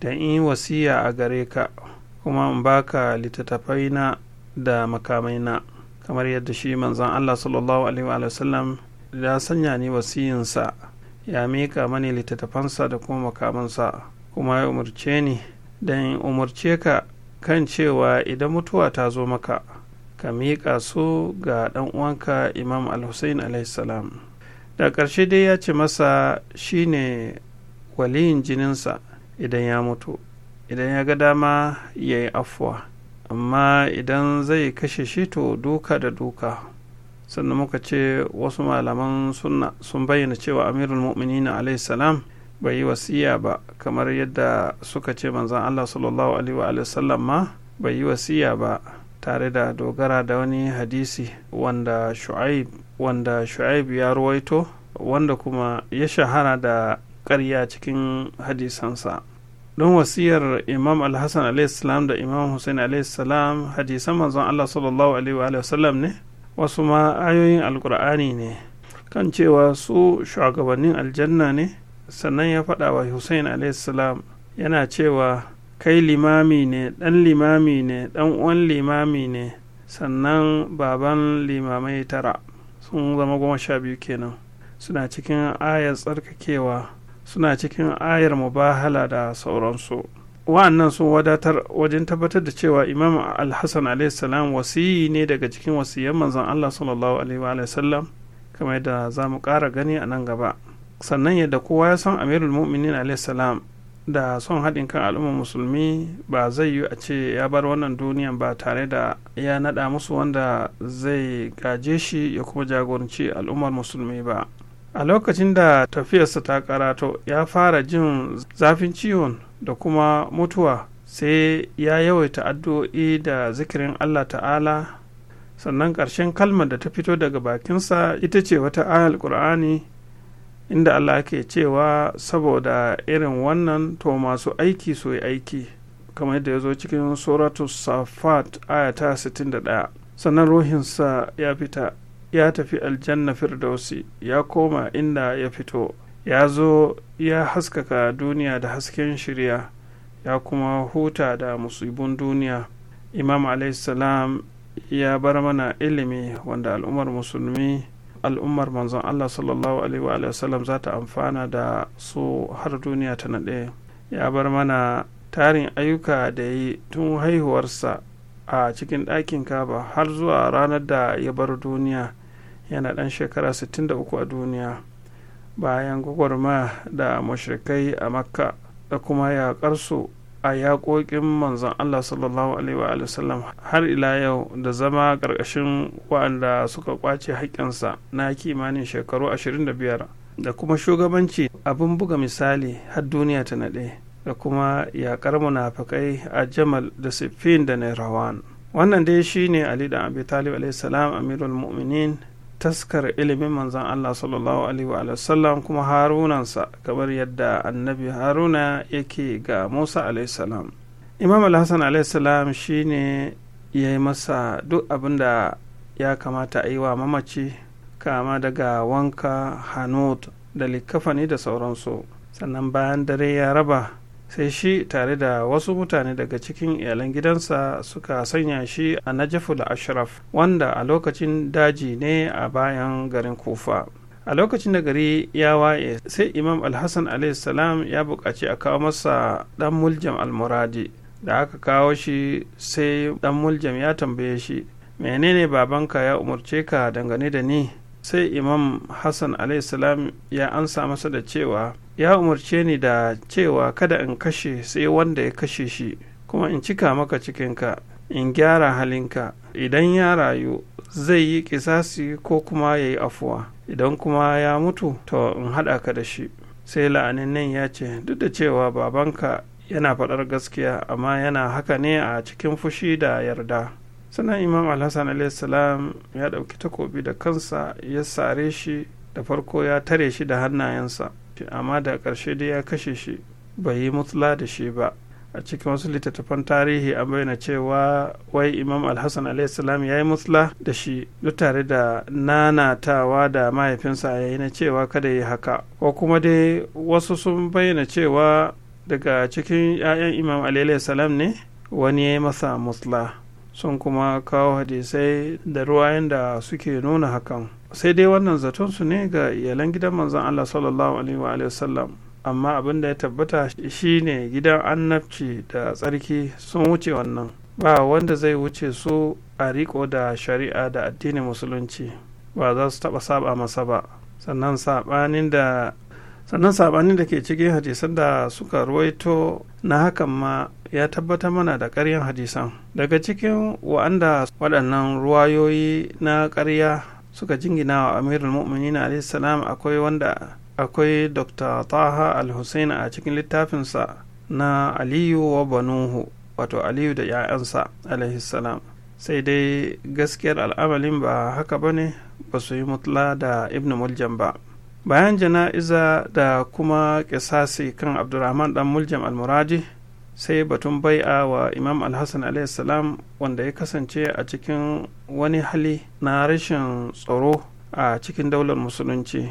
da in yi wasiya a gare ka kuma in baka littattafai na da makamai na. kamar yadda shi manzan Allah sallallahu alaihi wa sallam ya sanya ni wasiyinsa ya mika mani littattafansa da kuma makamansa kuma ya umarce ni Dan umarce ka kan cewa idan mutuwa ta zo maka ka miƙa su ga ɗan uwanka imam al-hussein salam da ƙarshe dai ya ce masa shine waliyin jininsa idan ya mutu idan ya ga dama ya yi afuwa amma idan zai kashe shi to duka da duka sannan muka ce wasu malaman sunna sun bayyana cewa amirul mu'minin salam bai yi wasiya ba kamar yadda suka ce manzan allah sallallahu alaihi sallam ma bai yi wasiya ba tare da dogara da wani hadisi wanda shu'aib wanda shu'aib ya ruwaito wanda kuma ya shahara da karya cikin hadisansa don wasiyar imam alhassan alaihissalam da imam hussein alaihissalam hadisan manzon allah sallallahu alaihi wasallam ne wasu ma ayoyin alkur'ani ne kan cewa su shugabannin aljanna ne sannan ya faɗa wa hussein alaihissalam yana cewa kai limami ne ɗan limami ne ɗan uwan limami ne sannan baban limamai tara sun zama goma sha biyu kenan suna cikin ayar tsarkakewa suna cikin ayar mubahala da sauransu wa'annan sun wadatar wajen tabbatar da cewa imam alhassan salam wasiyi ne daga cikin wasiyan manzon allah sallallahu alaihi wa kamar yadda za mu ƙara gani a nan gaba sannan yadda kowa ya san amirul mu'minin salam da son haɗin kan al'ummar musulmi ba zai yi a ce ya bar wannan duniyan ba tare da ya naɗa musu wanda zai gaje shi ya kuma jagoranci al'ummar musulmi ba a lokacin da tafiyarsa ta karato ya fara jin zafin ciwon da kuma mutuwa sai ya yawaita addu'o'i da zikirin allah ta'ala sannan ƙarshen kalmar da ta fito daga bakinsa ita ce wata ayal ƙur'ani inda allah ke cewa saboda irin wannan to masu aiki so aiki kamar yadda ya zo cikin suratu safat aya ta 61 sannan ruhinsa ya fita ya tafi aljanna firdausi ya koma inda ya fito ya zo ya haskaka duniya da hasken shirya ya kuma huta da musibin duniya imam salam ya bar mana ilimi wanda al'ummar musulmi al'ummar manzon allah sallallahu alaihi wa za ta amfana da su har duniya ta naɗe ya bar mana tarin ayyuka da yi tun haihuwarsa a cikin ɗakin kaba har zuwa ranar da ya bar duniya yana ɗan shekara 63 a duniya bayan gwagwarma da mashirkai a makka da kuma yaƙarsu a yaƙoƙin manzon Allah sallallahu alaihi sallam har ila yau da zama ƙarƙashin waɗanda suka ƙwace haƙƙinsa na kimanin shekaru 25 da kuma shugabanci abin buga misali har duniya ta naɗe da kuma yaƙar munafikai a jamal da siffin da rawan. wannan dai shine ali da abi talib alaihi salam amirul mu'minin taskar ilimin manzan Allah sallallahu alaihi wa kuma harunansa kamar yadda annabi haruna yake ga Musa alaihi Imam al-Hassan alaihi shi shine ya yi masa duk abin da ya kamata a yi wa mamaci kama daga wanka hanut da likafani da sauransu sannan bayan dare ya raba sai shi tare da wasu mutane daga cikin iyalan gidansa suka sanya shi a najaful ashraf wanda a lokacin daji ne a bayan garin kufa a lokacin da gari ya waye sai imam alhassan salam ya buƙaci a kawo masa ɗan muljam almuradi da aka kawo shi sai ɗan muljam ya tambaye shi menene babanka ya umarce ka dangane da ni sai imam hassan salam ya ansa masa da cewa ya umarce ni da cewa kada in kashe sai wanda ya kashe shi kuma in cika maka cikinka in gyara halinka idan ya rayu zai yi kisasi ko kuma ya yi afuwa idan kuma ya mutu to in haɗa ka da shi sai la'anin nan ya ce duk da cewa babanka yana faɗar gaskiya amma yana haka ne a cikin fushi da yarda sannan imam alhassan salam ya ɗauki takobi da kansa ya sare shi da farko ya tare shi da hannayensa amma da ƙarshe dai ya kashe shi bai yi mutla da shi ba a cikin wasu littattafan tarihi an bayyana cewa wai imam alhassan salam ya yi musla da shi duk tare da nanatawa da mahaifinsa ya yi na cewa kada yi haka ko kuma dai wasu sun bayyana cewa daga cikin 'ya'yan imam salam ne wani ya yi masa musla sun kuma kawo hadisai da ruwayen da suke nuna hakan sai dai wannan zaton su ne ga iyalan gidan manzon Allah sallallahu alaihi wa sallam amma abin da ya tabbata shine gidan annabci da tsarki sun wuce wannan ba wanda zai wuce su a riko da shari'a da addinin musulunci ba za su taba saba masa ba sannan sabanin da sannan sabanin da ke cikin hadisan da suka ruwaito na hakan ma ya tabbata mana da ƙaryan hadisan daga cikin wa'anda waɗannan ruwayoyi na ƙarya suka jingina wa amirul mu'minin salam akwai wanda akwai dr taha al-hussein a cikin littafinsa na aliyu wa banuhu wato aliyu da 'ya'yansa salam sai dai gaskiyar al'amalin ba haka ba ne ba su yi mutla da ibn muljam ba bayan jana'iza da kuma kisasi kan abdulrahman dan muljam al-muraji sai batun bai'a wa imam alhassan salam wanda ya kasance a cikin wani hali na rashin tsaro a cikin daular musulunci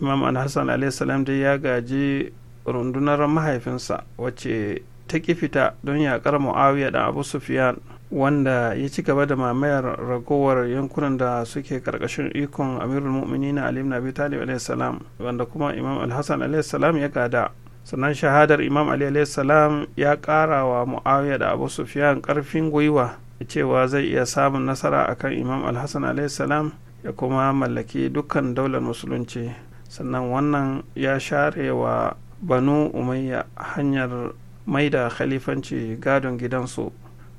imam alhassan salam dai ya gaji rundunar mahaifinsa wacce ta ki fita don yaƙar muawiya da abu sufyan wanda ya ci gaba da mamayar ragowar yankunan da suke karkashin ikon amirul mu'minin na abi talib salam wanda kuma imam alhassan salam ya gada sannan shahadar imam ali salam ya kara wa muawiya da abu sufyan ƙarfin gwiwa da cewa zai iya samun nasara akan imam alhassan salam ya kuma mallaki dukkan daular musulunci sannan wannan ya share wa banu umayya hanyar maida khalifanci gadon gidansu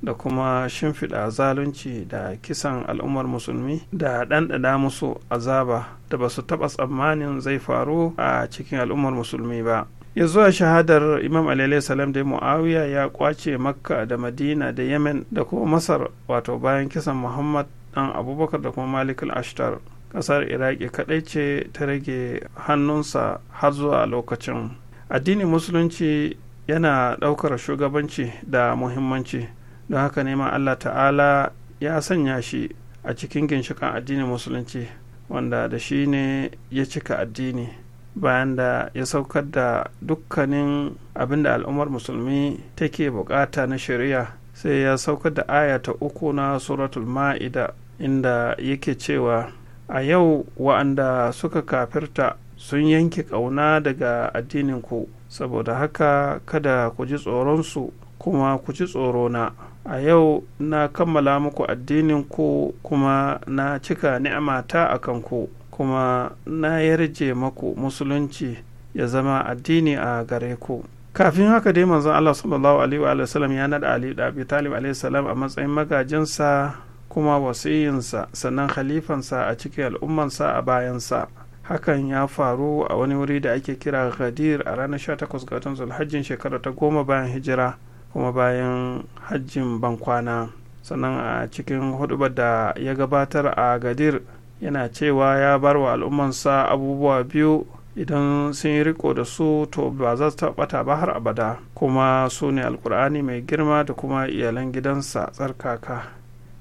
da kuma shimfiɗa zalunci da kisan al'ummar musulmi da ɗanɗana musu azaba da ba su taɓa tsammanin zai faru a cikin al'ummar musulmi ba ya zuwa shahadar imam alayhi salam da muawiya ya kwace makka da madina da yemen da kuma masar wato bayan kisan muhammad dan abubakar da kuma malik al-ashtar kasar iraki kadai ce ta rage hannunsa har zuwa lokacin addinin musulunci yana daukar shugabanci da muhimmanci don haka ne ma allah ta'ala ya sanya shi a cikin ginshikan addinin musulunci wanda da shi ne ya cika addini bayan da ya saukar da dukkanin abin da al'ummar musulmi take bukata na shari'a sai ya saukar da aya ta uku na suratul ma'ida inda yake cewa a yau wa'anda suka kafirta sun yanke ƙauna daga addinin ku saboda haka kada ku ji tsoronsu kuma ku ji tsorona a yau na kammala muku addinin ku kuma na cika ni'amata a kanku kuma na yarje maku musulunci ya zama addini a gare ku kafin haka dai manzon Allah sallallahu alaihi wa sallam ya nada Ali da Abi Talib alaihi salam a matsayin magajinsa kuma wasiyinsa sannan khalifansa a cikin al'ummansa a bayansa hakan ya faru a wani wuri da ake kira Ghadir a ranar 18 ga watan Zulhajjin shekara ta goma bayan hijira kuma bayan hajjin bankwana sannan a cikin hudubar da ya gabatar a Gadir yana cewa ya bar wa al'ummansa abubuwa biyu idan sun yi riko da su to ba za su tabbata ba har abada kuma su ne alkur'ani mai girma da kuma iyalan gidansa tsarkaka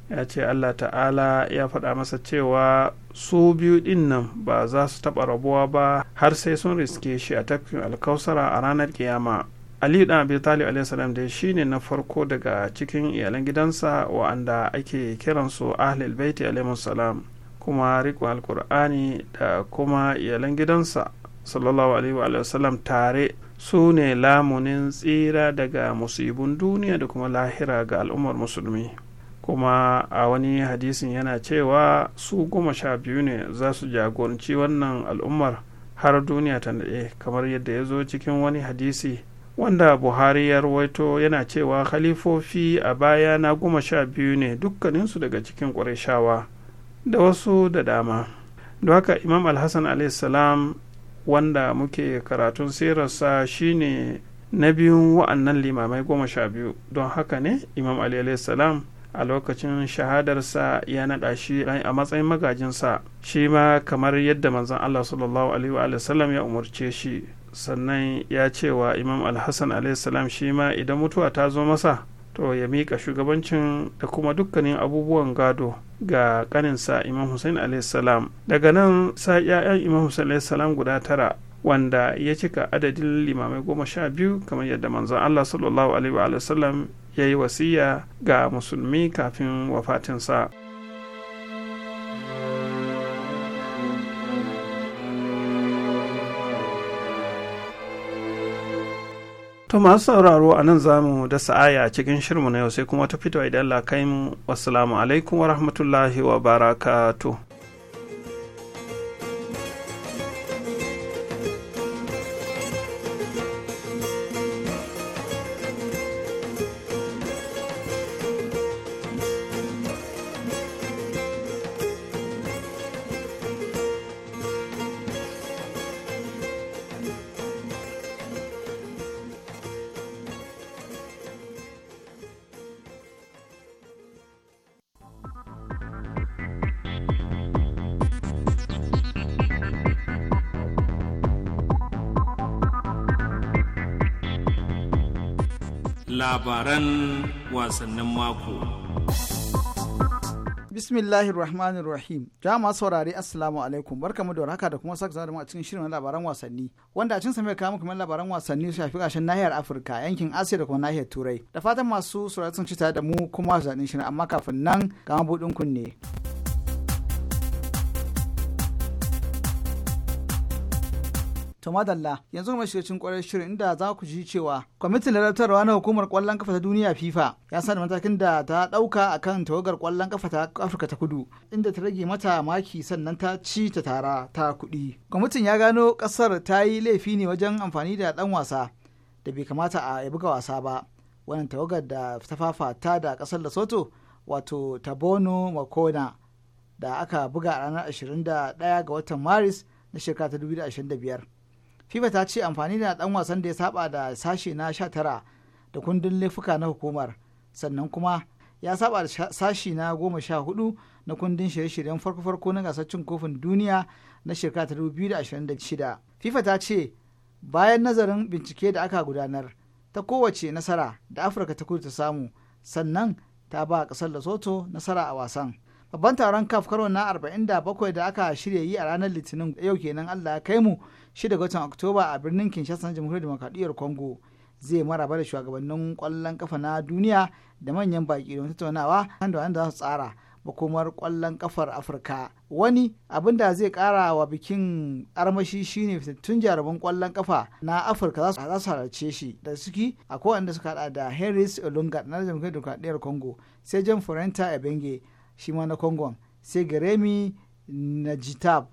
ya ce allah ta'ala ya faɗa masa cewa su biyu ɗin nan ba za su taɓa rabuwa ba har sai sun riske shi a tafkin alkausara a ranar kiyama aliyu ɗan abi talib da shi shine na farko daga cikin iyalan gidansa wa'anda ake kiransu ahlul baiti salam kuma rikon alkur'ani da kuma iyalan gidansa sallallahu alaihi wa sallam tare su ne lamunin tsira daga musibin duniya da kuma lahira ga al'ummar musulmi kuma a wani hadisin yana cewa su goma sha biyu ne za su jagoranci wannan al'ummar har duniya ta naɗe kamar yadda ya zo cikin wani hadisi wanda buhari ya rawaito yana cewa khalifofi a baya na goma sha biyu ne dukkaninsu daga cikin ƙurashawa da wasu da dama da haka imam alhassan salam wanda muke karatun sirarsa shine na biyun wa'annan limamai goma sha biyu don haka ne imam ali salam a lokacin shahadarsa ya naɗa shi a matsayin magajinsa shi ma kamar yadda manzon allah sallallahu alaihi wa sallam ya umarce shi sannan ya cewa imam alhassan salam shi ma idan mutuwa ta zo masa to ya miƙa shugabancin da kuma dukkanin abubuwan gado ga ƙaninsa imam hussein salam daga nan sa 'ya'yan imam hussein salam guda tara wanda ya cika adadin limamai goma sha biyu kamar yadda manzon allah sallallahu alaihi wa sallam ya yi wasiya ga musulmi kafin wafatinsa. To masu sauraro a nan zamu da sa'aya a cikin shirmu na yau sai kuma ta fito idan Allah kai mu. Wassalamu alaikum wa rahmatullahi wa barakatuh. labaran wasannin mako. Bismillahirrahmanirrahim. Jama'a saurari Assalamu alaikum. Barkamu da warhaka da kuma sake zama da mu a cikin shirin labaran wasanni. Wanda a cikin sa mai kawo muku labaran wasanni su shafi kashin nahiyar Afirka, yankin Asiya da kuma nahiyar Turai. Da fatan masu saurari sun ci tare da mu kuma zanin shirin amma kafin nan ga mabudin kunne. ne. To madalla yanzu kuma cikin kwarar shirin inda za ku ji cewa kwamitin ladabtarwa na hukumar kwallon kafa ta duniya FIFA ya sa ni matakin da ta dauka kan tawagar kwallon kafa ta Afirka ta Kudu inda ta rage mata maki sannan ta ci ta tara ta kuɗi. Kwamitin ya gano kasar ta yi laifi ne wajen amfani da dan wasa da bai kamata a ya buga wasa ba. Wannan tawagar da ta fafata da kasar Lesotho wato Tabono Makona da aka buga a ranar 21 ga watan Maris na shekara ta 2025. fifa ta ce amfani da dan wasan da ya saba da sashe na 19 da kundin laifuka na hukumar sannan kuma ya saba da sashi na 14 na kundin shirye-shiryen farko-farko na gasar cin kofin duniya na shekara 2026 fifa ta ce bayan nazarin bincike da aka gudanar ta kowace nasara da afirka ta kudu ta samu sannan ta ba kasar lesotho nasara a wasan babban taron kaf karo na 47 da aka shirya yi a ranar litinin yau kenan allah ya kai mu shida ga watan oktoba a birnin kinshasa na jamhuriyar demokradiyyar congo zai maraba da shugabannin kwallon kafa na duniya da manyan baki don tattaunawa kan da wanda za su tsara makomar kwallon kafar afirka wani abin da zai kara wa bikin armashi shine fitattun jaruman kwallon kafa na afirka za su halarce shi da suki a da suka hada da harris olunga na jamhuriyar demokradiyyar congo sai jan forenta ebenge shi ma na congo sai garemi najitab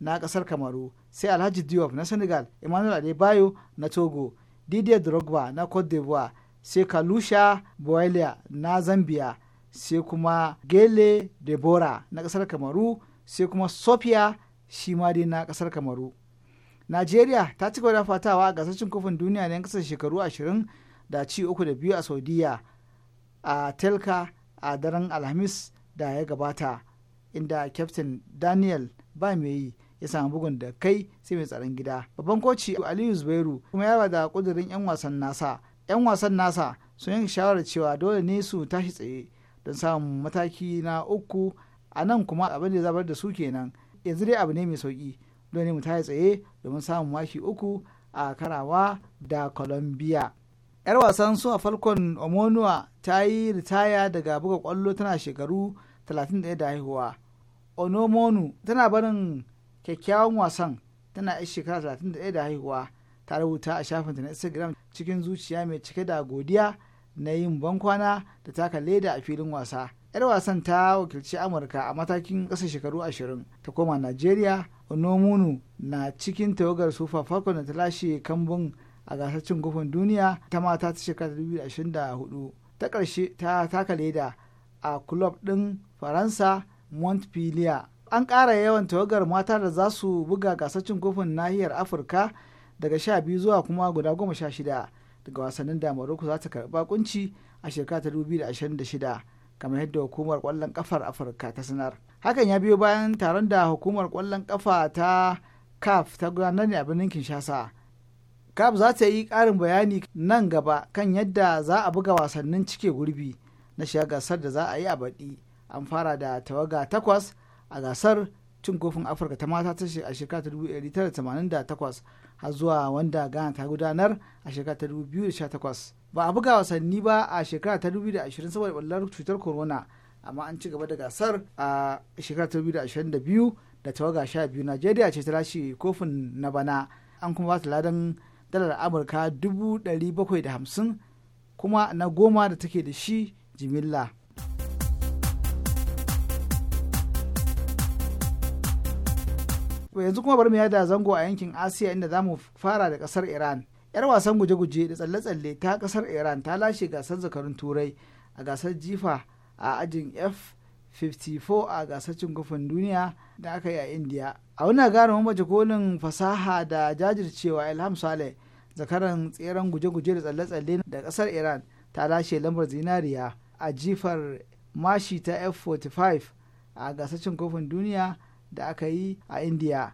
na kasar kamaru sai alhaji diop na senegal emmanuel adebayo na togo didier drogba na cote d'ivoire sai kalusha boelia na zambia sai kuma gele debora na kasar kamaru sai kuma sofia shi dai na kasar kamaru nigeria ta ci da fatawa a gasashen kofin duniya na kasar shekaru ashirin da ci uku da biyu a saudiya a telka a daren alhamis da ya gabata inda captain daniel ba mai yi ya samu bugun da kai sai mai tsaron gida babban koci aliyu zubairu kuma ya bada kudurin yan wasan nasa yan wasan nasa sun yi shawarar cewa dole ne su tashi tsaye don samun mataki na uku a nan kuma abin da zabar da su kenan yanzu dai abu ne mai sauki dole ne mu tashi tsaye domin samun maki uku a karawa da colombia yar wasan su a falcon omonuwa ta yi ritaya daga buga kwallo tana shekaru 31 da haihuwa onomonu tana barin kyakkyawan wasan tana yar shekara 31 da haihuwa ta rubuta a shafinta na instagram cikin zuciya mai cike da godiya na yin bankwana da taka leda a filin wasa yar wasan ta wakilci amurka a matakin ƙasa shekaru 20. ta koma najeriya onomunu na cikin tawagar sufa farko da ta lashe kambun a gasar cin kofin duniya ta mata ta shekara 2024 ta ƙarshe ta taka leda a kulob ɗin faransa montpellier an ƙara yawan tawagar mata da za su buga gasar cin kofin nahiyar afirka daga sha biyu zuwa kuma guda goma sha shida daga wasannin da maroko za ta karɓa kunci a shekara ta dubu da ashirin da shida kamar yadda hukumar kwallon kafar afirka ta sanar hakan ya biyo bayan taron da hukumar kwallon kafa ta caf ta gudanar ne a birnin kinshasa caf za ta yi karin bayani nan gaba kan yadda za a buga wasannin cike gurbi na shiga gasar da za a yi a baɗi an fara da tawaga takwas a gasar cin kofin afirka ta mata ta a shekara ta 1988 har zuwa wanda ghana ta gudanar a shekara ta 2018 ba a buga wasanni ba a shekara ta 2020 saboda ɓallar cutar corona amma an ci gaba da gasar a shekara ta 2022 da tawaga sha biyu najeriya ce ta lashe kofin na bana an kuma ba ta ladan dalar amurka 750 kuma na goma da take da shi jimilla To yanzu kuma bari mu yada zango a yankin Asiya inda za mu fara da kasar Iran. 'Yar wasan guje-guje da tsalle-tsalle ta kasar Iran ta lashe gasar zakarun Turai a gasar jifa a ajin F54 a gasar cin kofin duniya da aka yi a India. A wani gane mace kolin fasaha da jajircewa Ilham Saleh zakaran tseren guje-guje da tsalle-tsalle da kasar Iran ta lashe lambar zinariya a jifar mashi ta F45 a gasar cin kofin duniya da aka yi a indiya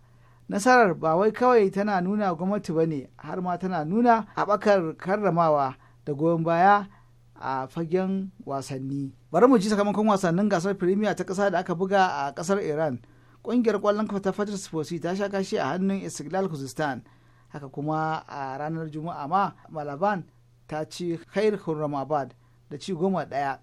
nasarar ba wai kawai tana nuna gwamnati ba ne har ma tana nuna haɓakar karramawa da goyon baya a fagen wasanni bari mu ji sakamakon wasannin gasar firimiya ta ƙasa da aka buga a ƙasar iran ƙungiyar ƙwallon kafa ta fatar sifosi ta sha kashi a hannun istiklal kuzistan haka kuma a ranar juma'a ma malaban ta ci khair hurramabad da ci goma ɗaya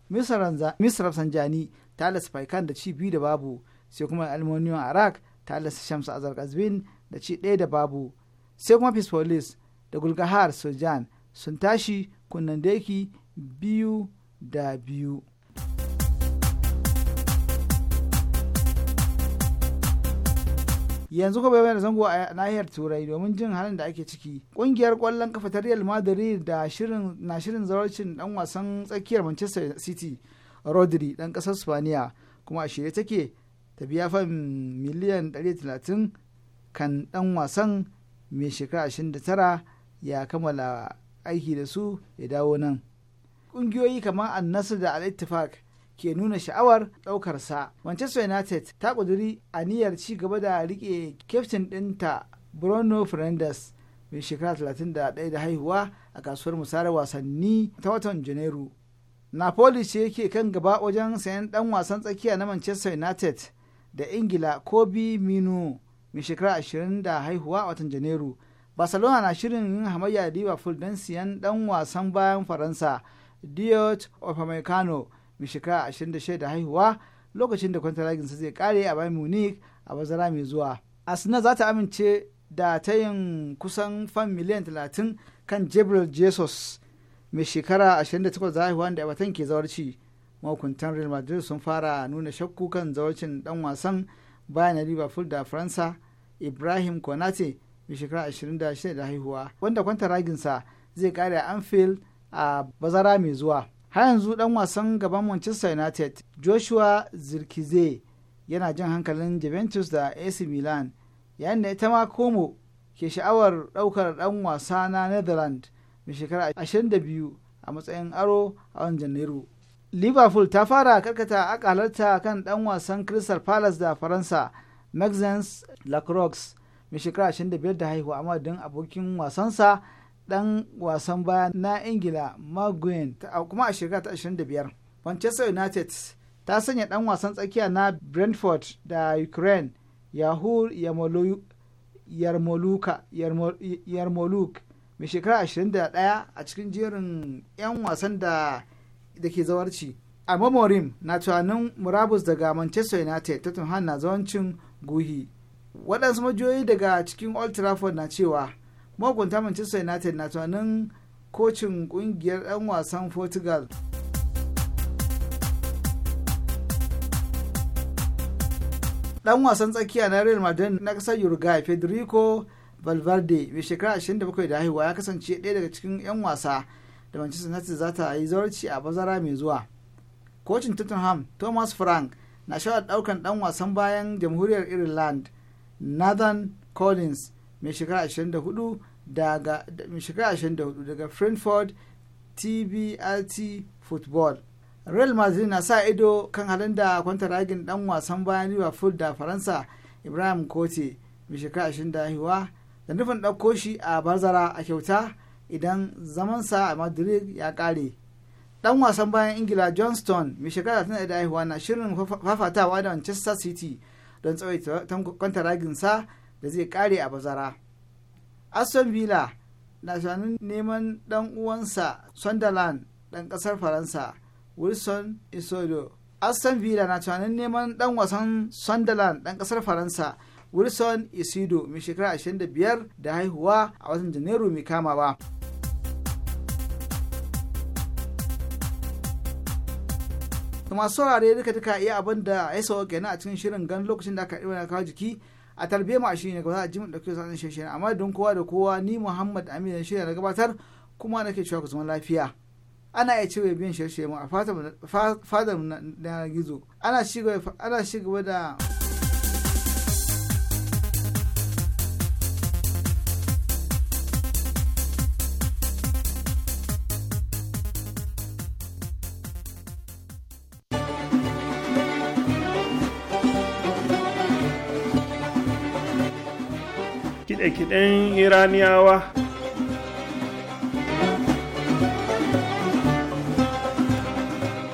misra sanjani ta lasfaikan da ci biyu da babu sai kuma almoniyon arak ta halasta shams azar kazbin da ci ɗaya da babu sai kuma police da gulgahar sojan sun tashi kunnen deki biyu da biyu yanzu ko bayan zango a nahiyar turai domin jin halin da ake ciki kungiyar kwallon kafa ta real madrid da na shirin zarocin dan wasan tsakiyar manchester city rodri dan kasar spaniya kuma a shirye take ta biya fan miliyan 130 kan ɗan wasan mai shekara 29 ya kammala aiki da su ya dawo nan ƙungiyoyi kamar annasar da al-ittifaq ke nuna sha'awar ɗaukarsa manchester united ta ƙuduri aniyar ci gaba da riƙe kyaftin ɗinta bruno fernandes mai shekara 31 da haihuwa a kasuwar musayar wasanni ta watan janairu napoli ce yake kan gaba wajen sayan ɗan wasan tsakiya na manchester united da ingila ko bi mino mai shekara ashirin da haihuwa a watan janairu barcelona na shirin yin hamayya da liverpool don siyan dan wasan bayan faransa diot opamecano mai shekara ashirin da shaida haihuwa lokacin da kwantaraginsa zai kare a bayan munich a bazara mai zuwa arsenal za ta amince da ta yin kusan fan miliyan talatin kan jibril jesus mai shekara ashirin da haihuwa da abatan ke zawarci mahukuntan real madrid sun fara nuna shakku kan zawarcin dan wasan bayan liverpool da faransa ibrahim konate mai shekara 26 da haihuwa wanda kwanta raginsa zai kare a anfield a bazara mai zuwa har yanzu dan wasan gaban manchester united joshua zirkize yana jin hankalin juventus da ac milan yayin da ita ma komo ke sha'awar daukar dan wasa na netherland mai shekara 22 a matsayin aro a wajen janairu liverpool ta fara karkata akalarta kan dan wasan crystal palace da faransa maxence lacroix mai shekara 25 da haihuwa amma din abokin wasansa dan wasan baya na ingila maguin kuma a shekara ta 25 manchester united ta sanya dan wasan tsakiya na brentford da ukraine yahoo yarmoluk mai shekara 21 a cikin jerin 'yan wasan da da ke zawarci amma morim na tunanin murabus daga manchester united tottenham na zawancin guhi waɗansu majiyoyi daga cikin old trafford na cewa mahukunta manchester united na tunanin kocin ƙungiyar 'yan wasan portugal dan wasan tsakiya na real madrid na ƙasar uruguay federico valverde mai shekara 27 da haihuwa ya kasance ɗaya daga cikin 'yan wasa da manchester united za ta yi zarci a bazara mai zuwa kocin tottenham thomas frank na shawar daukan dan wasan bayan jamhuriyar ireland nathan collins mai shekara 24 daga mai shekara 24 daga frankfurt TBLT football real madrid na sa ido kan halin da kwanta ragin dan wasan bayan liverpool da faransa ibrahim kote mai shekara 20 da haihuwa da nufin ɗauko shi a bazara a kyauta idan zamansa a madrid ya kare dan wasan bayan ingila johnston mai shekara tana da haihuwa na shirin fafatawa da manchester city don tsawaita raginsa da zai kare a bazara aston villa na shanun neman dan uwansa sunderland dan kasar faransa wilson isodo aston villa na tunanin neman dan wasan sunderland dan kasar faransa wilson isido mai shekara 25 da haihuwa a watan janairu mai kama ba. to masu saurare duka duka iya abin da ya sauwa ke a cikin shirin gan lokacin da aka ɗiba na kawo jiki a tarbe ma shi ne gaba za a ji mun ɗauke sa'an shirin amma don kowa da kowa ni muhammad amin da shirya na gabatar kuma na ke cewa ku zama lafiya ana iya cewa biyan shirye mu a fadar na gizo ana shigaba da kiɗe-kiɗen iraniyawa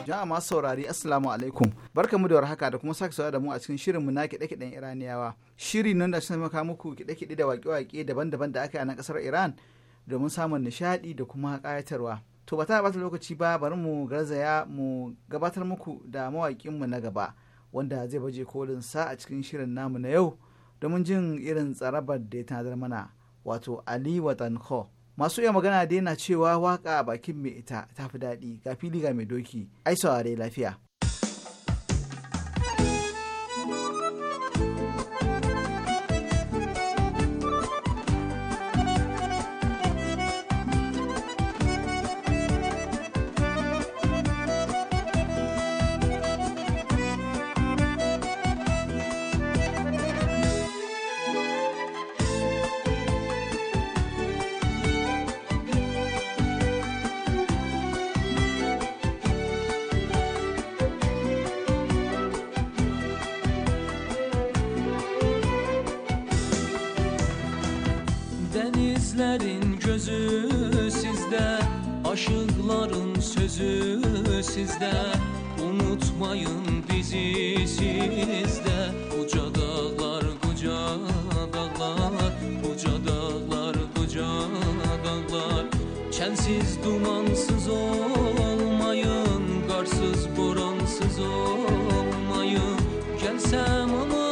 jama'a masu saurari assalamu alaikum barkamu da warhaka da kuma sake saurari da mu a cikin shirinmu na kiɗe-kiɗen iraniyawa shiri nan da shi maka muku kiɗe-kiɗe da waƙe-waƙe daban-daban da aka yi a nan ƙasar iran domin samun nishaɗi da kuma ƙayatarwa to ba ta bata lokaci ba bari mu garzaya mu gabatar muku da mawaƙinmu na gaba wanda zai baje kolin sa a cikin shirin namu na yau domin jin irin tsarabar da ya tanadar mana wato ali watan ho masu iya magana da yana cewa waka a bakin mai ita ta fi daɗi ga fili ga mai doki ai saurare lafiya Gözlerin gözü sizde Aşıkların sözü sizde Unutmayın bizi sizde Uca dağlar koca dağlar Uca dağlar koca dağlar Çensiz dumansız olmayın Karsız boransız olmayın Gelsem ama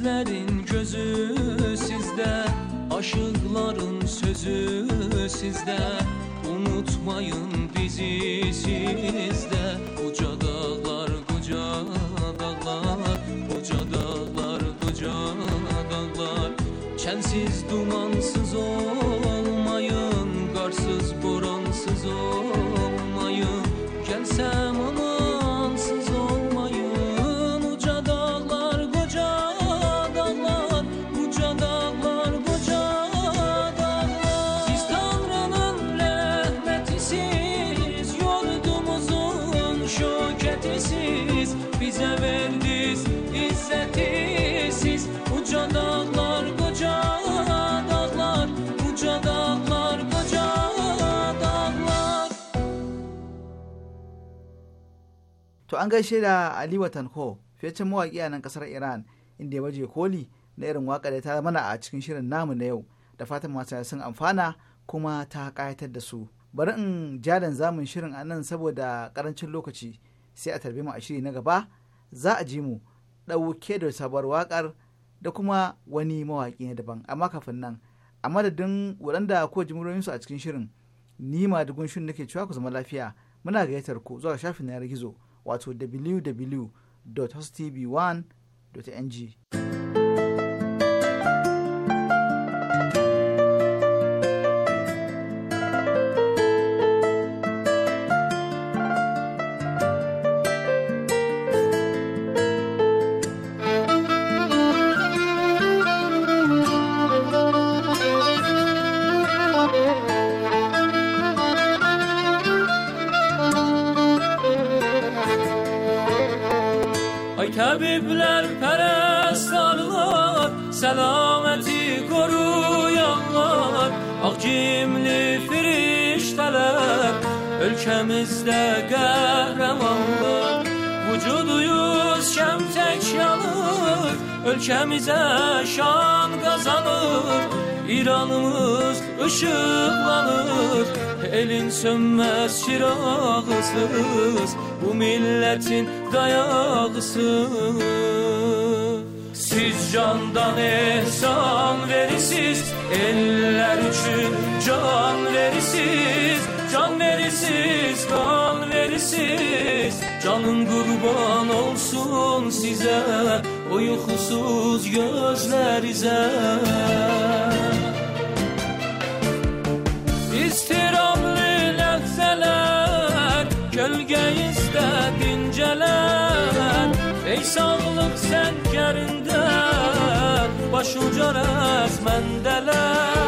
Sizlerin közü sizde Aşıkların sözü sizde Unutmayın bizi sizde Koca dağlar koca dağlar Koca dağlar koca dağlar Çensiz dumansız olmayın garsız, boransız olmayın Gelsem an gaishe da Ali Watanko, fiyacin mawaƙi a nan ƙasar Iran, inda ya baje koli na irin waƙa da ta mana a cikin shirin namu na yau, da fatan masu sun amfana kuma ta ƙayatar da su. Bari in jadan zamun shirin a nan saboda karancin lokaci, sai a tarbe mu a shiri na gaba, za a ji mu ɗauke da sabuwar waƙar da kuma wani mawaƙi na daban. Amma kafin nan, a madadin waɗanda ko jimurorinsu a cikin shirin, ni ma dugun shirin nake cewa ku zama lafiya. Muna gayyatar ku zuwa shafin na gizo wato www.hostv1.ng Ülkemize şan kazanır İranımız ışıklanır Elin sönmez çırağısız Bu milletin dayağısı Siz candan ehsan verisiz Eller için can verisiz Can verisiz, kan verisiz Canım kurban olsun size Uykusuz gözlerize İstiramlı lehzeler Gölge ister dinceler Ey sağlık sen kerinde Başuca resmendeler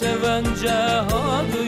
seven cehadı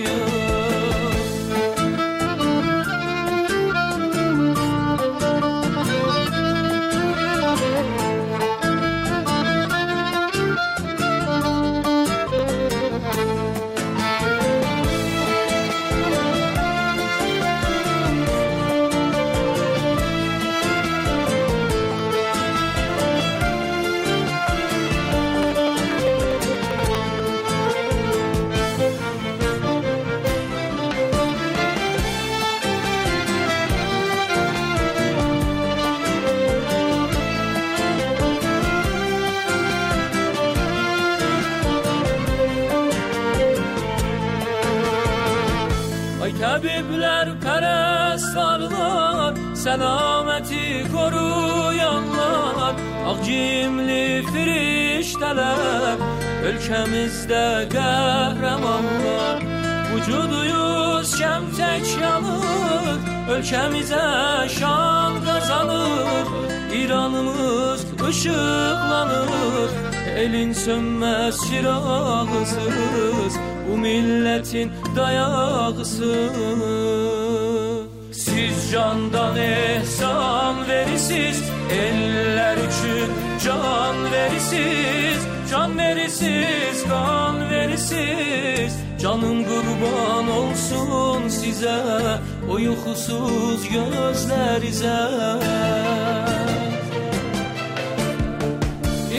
Ələm ölkəmizdə qəhrəmanlar Vücuduyuz kəm tək yanır Ölkəmizə şan kazanır, İranımız ışıklanır, Elin sönməz çırağısız Bu milletin dayağısız Siz candan ehsan verisiz Eller üçün Can verisiz, can verisiz, kan verisiz Canım kurban olsun size Uykusuz gözlerize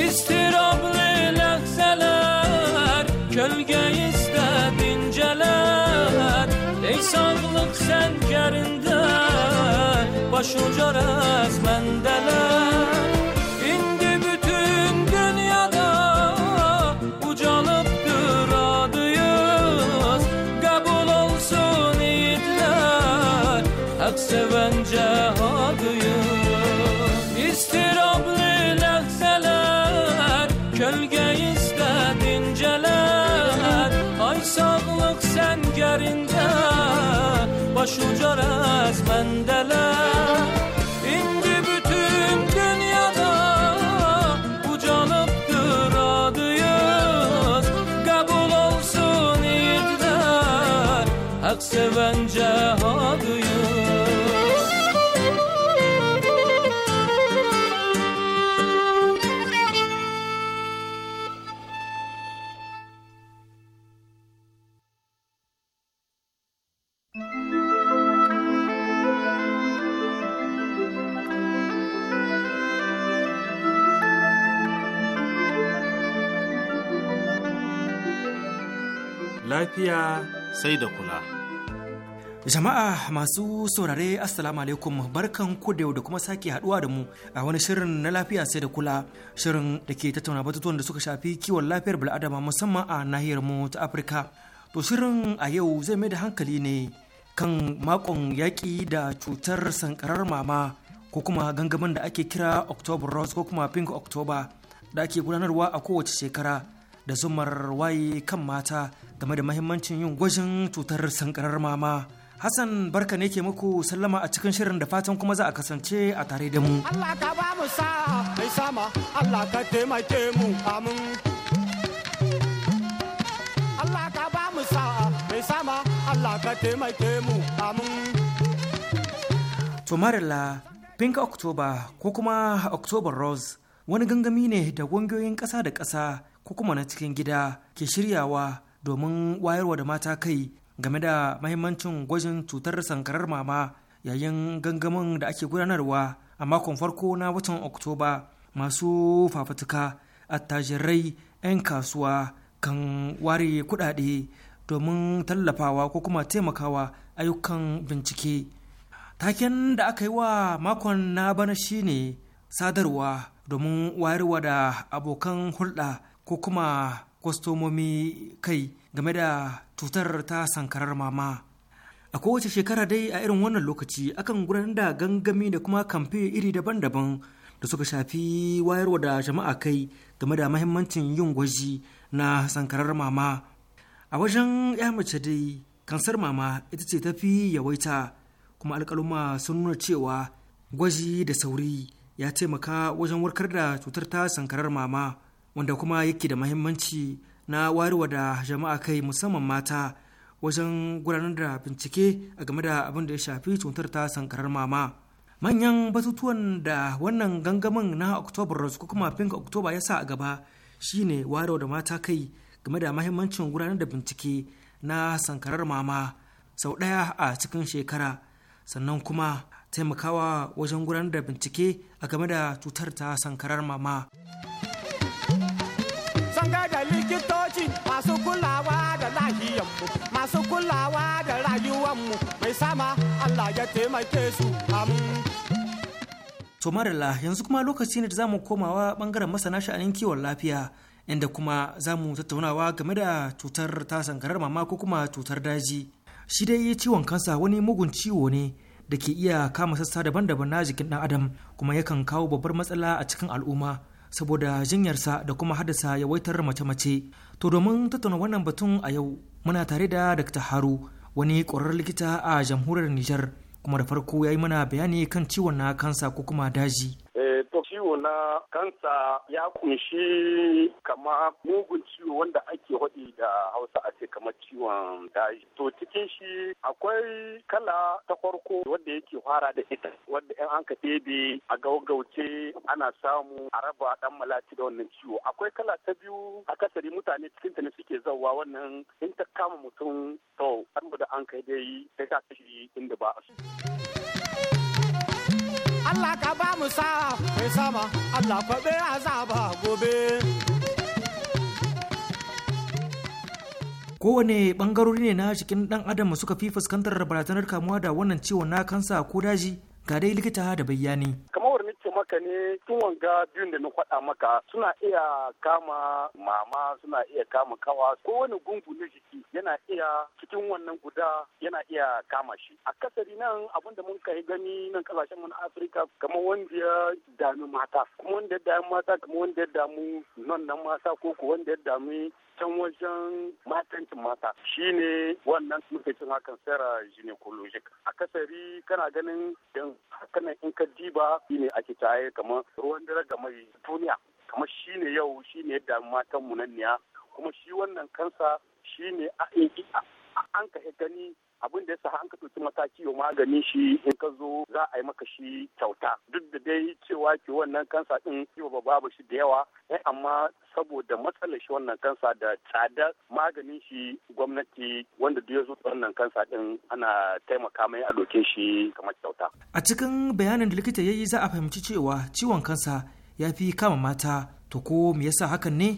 İstirablı lehzeler Kölge iste binceler Ey sağlık sen kerinde Başuca mendeler. Sağlık sen Baş ucar əzməndələr sai da kula. Jama'a masu saurare Assalamu alaikum barkan ku da yau da kuma sake haduwa da mu a wani shirin na lafiya sai da kula shirin da ke tattauna batutuwan da suka shafi kiwon lafiyar bil'adama musamman a nahiyar mu ta Afirka. To shirin a yau zai mai da hankali ne kan makon yaƙi da cutar sankarar mama ko kuma gangamin da ake kira October Rose ko kuma Pink October da ake gudanarwa a kowace shekara da zumar waye kan mata game da mahimmancin yin gwajin cutar sankarar mama. Hassan barka ne ke muku sallama a cikin shirin da fatan kuma za a kasance a tare da mu. Allah ka ba mu sa mai sama Allah ka taimake mu amin. Allah ka ba mu sa mai sama Allah ka taimake mu amin. To Pink October ko kuma October Rose wani gangami ne da ƙungiyoyin ƙasa da ƙasa ko kuma na cikin gida ke shiryawa domin wayarwa da mata kai game da mahimmancin gwajin cutar sankarar mama yayin gangamin da ake gudanarwa a makon farko na watan oktoba masu fafutuka attajirai 'yan kasuwa kan ware kudade domin tallafawa ko kuma taimakawa ayyukan bincike taken da aka yi wa makon na bana shine sadarwa domin wayarwa da abokan hulɗa ko kuma kwastomomi kai game da cutar ta sankarar mama a kowace shekara dai a irin wannan lokaci akan gudanar da gangami da kuma kamfe iri daban-daban da suka shafi wayarwa da jama'a kai game da mahimmancin yin gwaji na sankarar mama a wajen ya mace dai kansar mama ita ce tafi yawaita kuma alkaluma sun nuna cewa gwaji da sauri ya taimaka wajen warkar da cutar ta sankarar mama wanda kuma yake da mahimmanci na warewa da jama'a kai musamman mata wajen gudanar da bincike a game da abin da ya shafi cutar ta sankarar mama manyan batutuwan da wannan gangamin na oktoba rose ko kuma pink oktoba ya sa a gaba shine warewa da mata kai game da mahimmancin gudanar da bincike na sankarar mama sau ɗaya a cikin shekara sannan kuma taimakawa wajen gudanar da bincike a game da cutar ta sankarar mama. masu kulawa da rayuwar mu mai sama Allah ya taimake su To marala yanzu kuma lokaci ne da zamu komawa bangaren masana sha'anin kiwon lafiya inda kuma zamu tattaunawa game da cutar ta sankarar mama ko kuma cutar daji. Shi dai ciwon kansa wani mugun ciwo ne da ke iya kama sassa daban-daban na jikin ɗan adam kuma yakan kawo babbar matsala a cikin al'umma saboda jinyarsa da kuma haddasa yawaitar mace-mace. To domin tattauna wannan batun a yau muna tare da Dr. Haru wani ƙwararren likita a jamhuriyar Nijar kuma da farko ya yi mana bayani kan ciwon na kansa ko kuma daji. ciwo na kansa ya kunshi kama mugun ciwo wanda ake haɗi da hausa a ce kama ciwon daji to cikin shi akwai kala ta farko wanda yake fara da ita wanda yan anka ɗebe a gaugauce ana samu a raba dan malati da wannan ciwo akwai kala ta biyu akasari mutane cikin ne suke zawa wannan in ta kama mutum to an da an kai dai ta kashi inda ba a Allah ka ba mu sa mai sama Allah be azaba gobe kowane bangarori ne na cikin dan adam suka fi fuskantar barazanar kamuwa da wannan ciwon na kansa ko daji ga dai likita da bayani kamar nake maka ne tun wanga biyun da na faɗa maka suna iya kama mama suna iya kama kawa ko wani gungu na jiki yana iya cikin wannan guda yana iya kama shi akasari nan abin da mun kai gani nan kasashen mu na afirka kamar wanda ya dami mata kuma wanda ya dami mata kamar wanda ya damu nan na mata ko ko wanda ya dami can wajen matancin mata shine wannan muke cin hakan sera gynecologic akasari kana ganin yan hakan in ka diba shine ake taye kamar ruwan dare ga mai duniya kamar shine yau shine yadda matan mu nan kuma shi wannan kansa shine a an ka gani abin da ya sa an ka ɗauki mataki yau maganin shi in ka zo za a yi maka shi kyauta duk da dai cewa ke wannan kansa din yau ba babu shi da yawa eh, amma saboda matsalar shi wannan kansa da tsadar maganin shi gwamnati wanda duk ya zo wannan kansa din ana taimaka mai a doke shi kamar kyauta. A cikin bayanin da likita ya yi za a fahimci cewa ciwon kansa ya fi kama mata to ko me yasa hakan ne?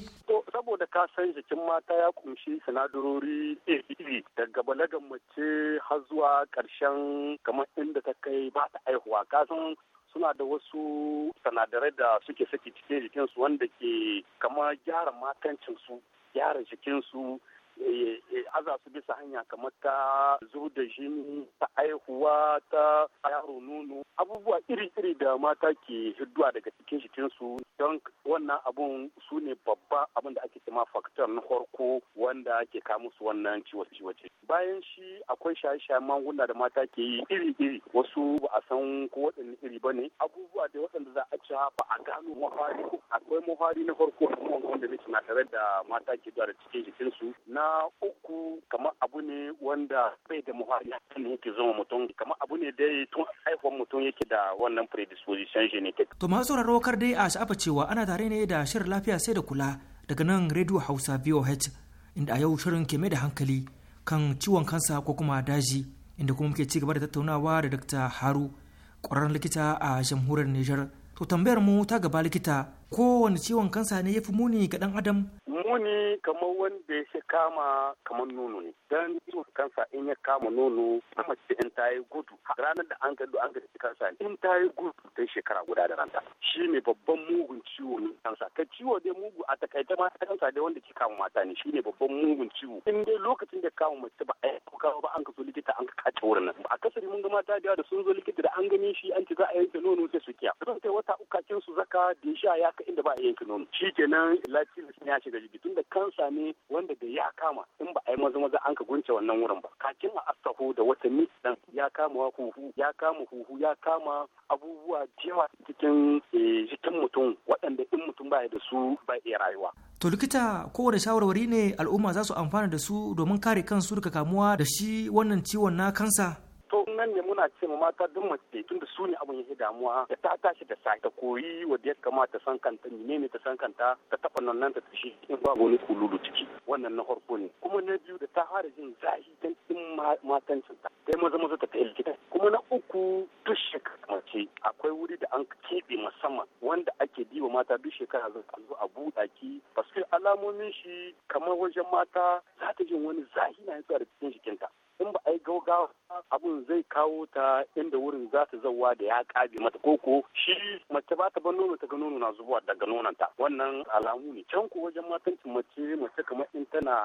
ka san jikin mata ya kumshi sinadarori iri daga balagan mace har zuwa ƙarshen kamar inda ta kai ba ta aihuwa ka san suna da wasu sinadarai da suke saki cikin jikinsu wanda ke kamar gyara matancinsu gyara jikinsu Eh, eh, aza su bisa hanya kamar ta da jini ta aihuwa ta yaro nono abubuwa iri-iri da mata ke hidduwa daga cikin shi su don wannan abun su ne babba abin da ake cema faktor na farko wanda ke kawo musu wannan ciwace-ciwace bayan shi akwai shaye shaye magunguna da mata ke yi iri-iri wasu ba a san ko waɗanne iri ba ne abubuwa da waɗanda za a ci ba a gano mahari akwai mahari na farko wanda nake na tare da mata ke zuwa da cikin jikinsu na na uku kamar abu ne wanda bai da kan ne yake zama mutum kamar abu ne dai tun haihuwar mutum yake da wannan predisposition genetic. To masu sauraro kar dai a sha'afa cewa ana tare ne da shirin lafiya sai da kula daga nan rediyo Hausa VOH inda a yau shirin ke mai da hankali kan ciwon kansa ko kuma daji inda kuma muke ci gaba da tattaunawa da Dr. Haru ƙwararren likita a jamhuriyar Nijar. To tambayar mu ta gaba likita kowane ciwon kansa ne ya fi muni ga ɗan adam? Muni kamar wanda ya kama kamar nono ne. Dan ciwon kansa in ya kama nono na mace in ta yi gudu. Ranar da an gado an gado kansa in ta yi gudu ta shekara guda da ranta. Shi ne babban mugun ciwo kansa. Ka ciwo dai mugu a takaice ma ta kansa dai wanda ke kama mata ne shi ne babban mugun ciwo. In dai lokacin da kama mace ba a yi kawo ba an ka zo likita an ka kace wurin nan. A kasari mun ga mata da sun zo likita da an gani shi an ci za a yanke nono sai su kiya. Zan kai wata uku kin su zaka da ya sha ya haka inda ba a yanke nono shi kenan lati ya shiga jiki tunda kansa ne wanda da ya kama in ba a yi maza maza an ka gunce wannan wurin ba kakin a astaho da wata dan ya kama huhu ya kama huhu ya kama abubuwa jewa cikin eh, jikin mutum waɗanda in mutum baya da su ba iya rayuwa. To likita kowane shawarwari ne al'umma za su amfana da su domin kare kansu daga kamuwa da shi wannan ciwon na kansa? to nan ne muna ce ma mata duk mace tun da su ne abin yake damuwa da ta tashi da sai ta koyi wadda ya kamata san kanta ne ne ta san kanta ta taba nan nan ta tashi in ba wani kululu ciki wannan na farko ne kuma na biyu da ta fara jin zahi dan din matancin ta sai maza maza ta kai likita kuma na uku duk shekara mace akwai wuri da an keɓe musamman wanda ake wa mata duk shekara zan zo a buɗa ki paske alamomin shi kamar wajen mata za ta jin wani zahi na yanzu da cikin jikinta in ba a yi gaugawa abun zai kawo ta inda wurin za ta zauwa da ya kabe mata koko shi mace ba ta ban nono ta ga nono na zubowa daga ta. wannan alamu ne can ko wajen matancin mace mace kamar in tana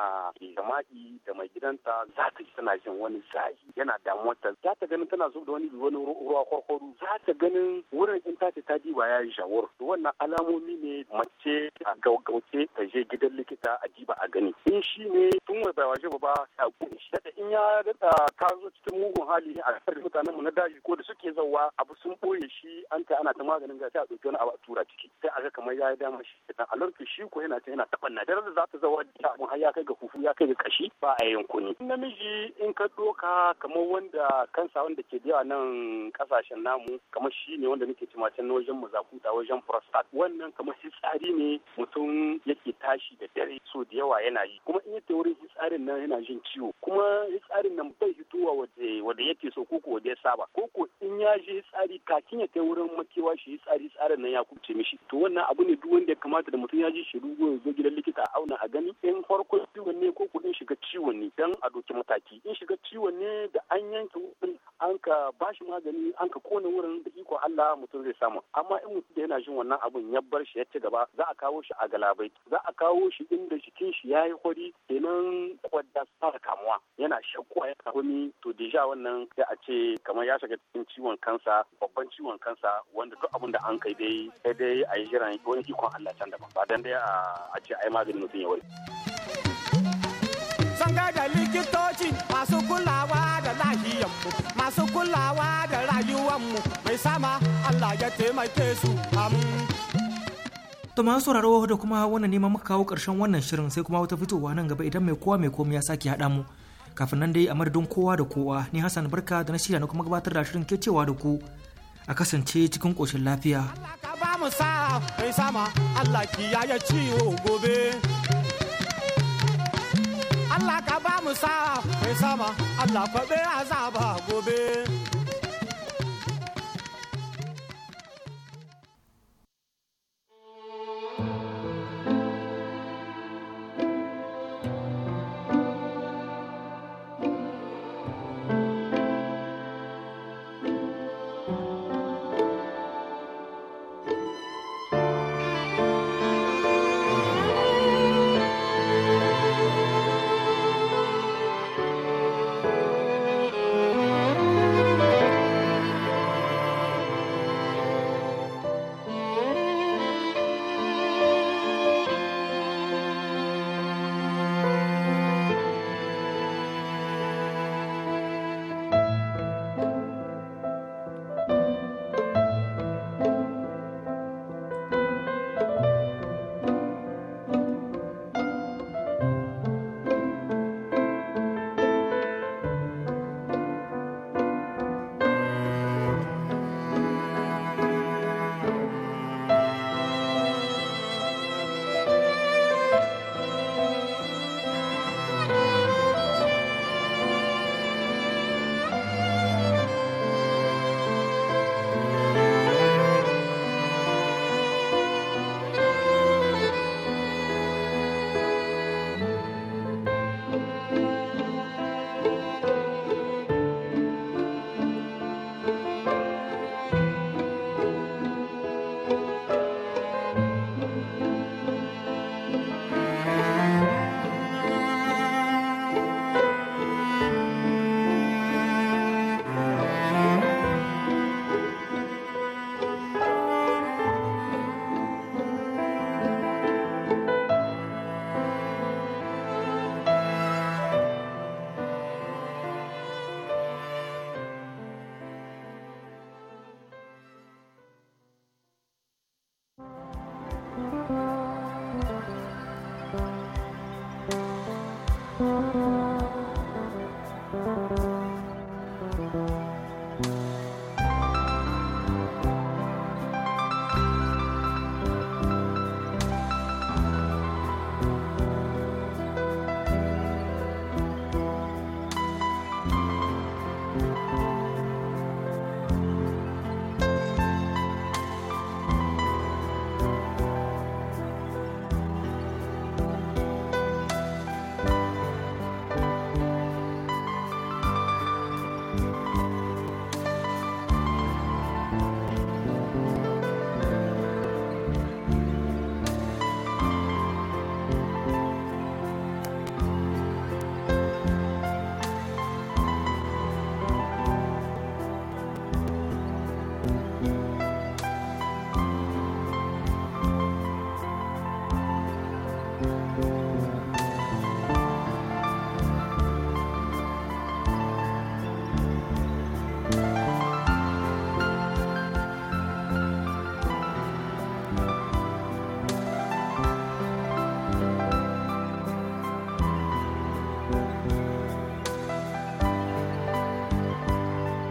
jama'i da mai gidanta za ta ji tana jin wani shayi yana damuwa ta za ta ganin tana zuba da wani wani ruwa kwarkwaro za ta ganin wurin in ta ce ta diba ya yi shawar wannan alamomi ne mace a gaugauce ta je gidan likita a diba a gani in shi ne tun ba waje ba ba ta in ya gaskiya ta zo cikin mugun hali a kasar mutanen mu na daji ko da suke zauwa abu sun boye shi an ta ana ta maganin ga a ɗauki wani abu a tura ciki sai aga kamar ya yi dama shi dan alarki shi ko yana ta yana taɓan na da za ta zauwa da mu har ya kai ga kufu ya kai ga kashi ba a yankuni namiji in ka doka kamar wanda kansa wanda ke da nan kasashen namu kamar shi ne wanda nake cewa can wajen mazakuta wajen prostate wannan kamar fitsari ne mutum yake tashi da dare so da yawa yana yi kuma in ya wurin fitsarin nan yana jin ciwo kuma fitsarin din nan bai hituwa waje wanda yake so ko ko ya saba ko ko in ya je tsari kakin ya ta wurin makewa shi tsari tsarin nan ya kubce mishi to wannan abu ne duk wanda ya kamata da mutum ya ji shi rugo ya zo gidan likita a auna a gani in farko ciwon ne ko ko in shiga ciwon ne dan a doki mataki in shiga ciwon ne da an yanke wurin an ka bashi magani an ka kona wurin da iko Allah mutum zai samu amma in mutum da yana jin wannan abun ya bar shi ya ci gaba za a kawo shi a galabai za a kawo shi inda jikin shi ya yi hori kenan kwadda sa kamuwa yana shakku kuma ya karumi to deja wannan sai a ce kamar ya shiga cikin ciwon kansa babban ciwon kansa wanda duk abin da an kai dai sai dai a yi jiran wani ikon Allah can daban ba dan dai a ce ai maganin mutum ya wari. Zan da likitoci masu kulawa da lahiyanmu masu kulawa da rayuwanmu mai sama Allah ya taimake su To masu sauraro da kuma wannan neman muka kawo ƙarshen wannan shirin sai kuma wata fitowa nan gaba idan mai kowa mai komai ya sake haɗa mu. kafin nan dai a madadin kowa da kowa ni hassan barka da na shirya na kuma gabatar da shirin cewa da ku a kasance cikin koshin lafiya Allah ka ba mu sa mai sama Allah kwabe azaba gobe.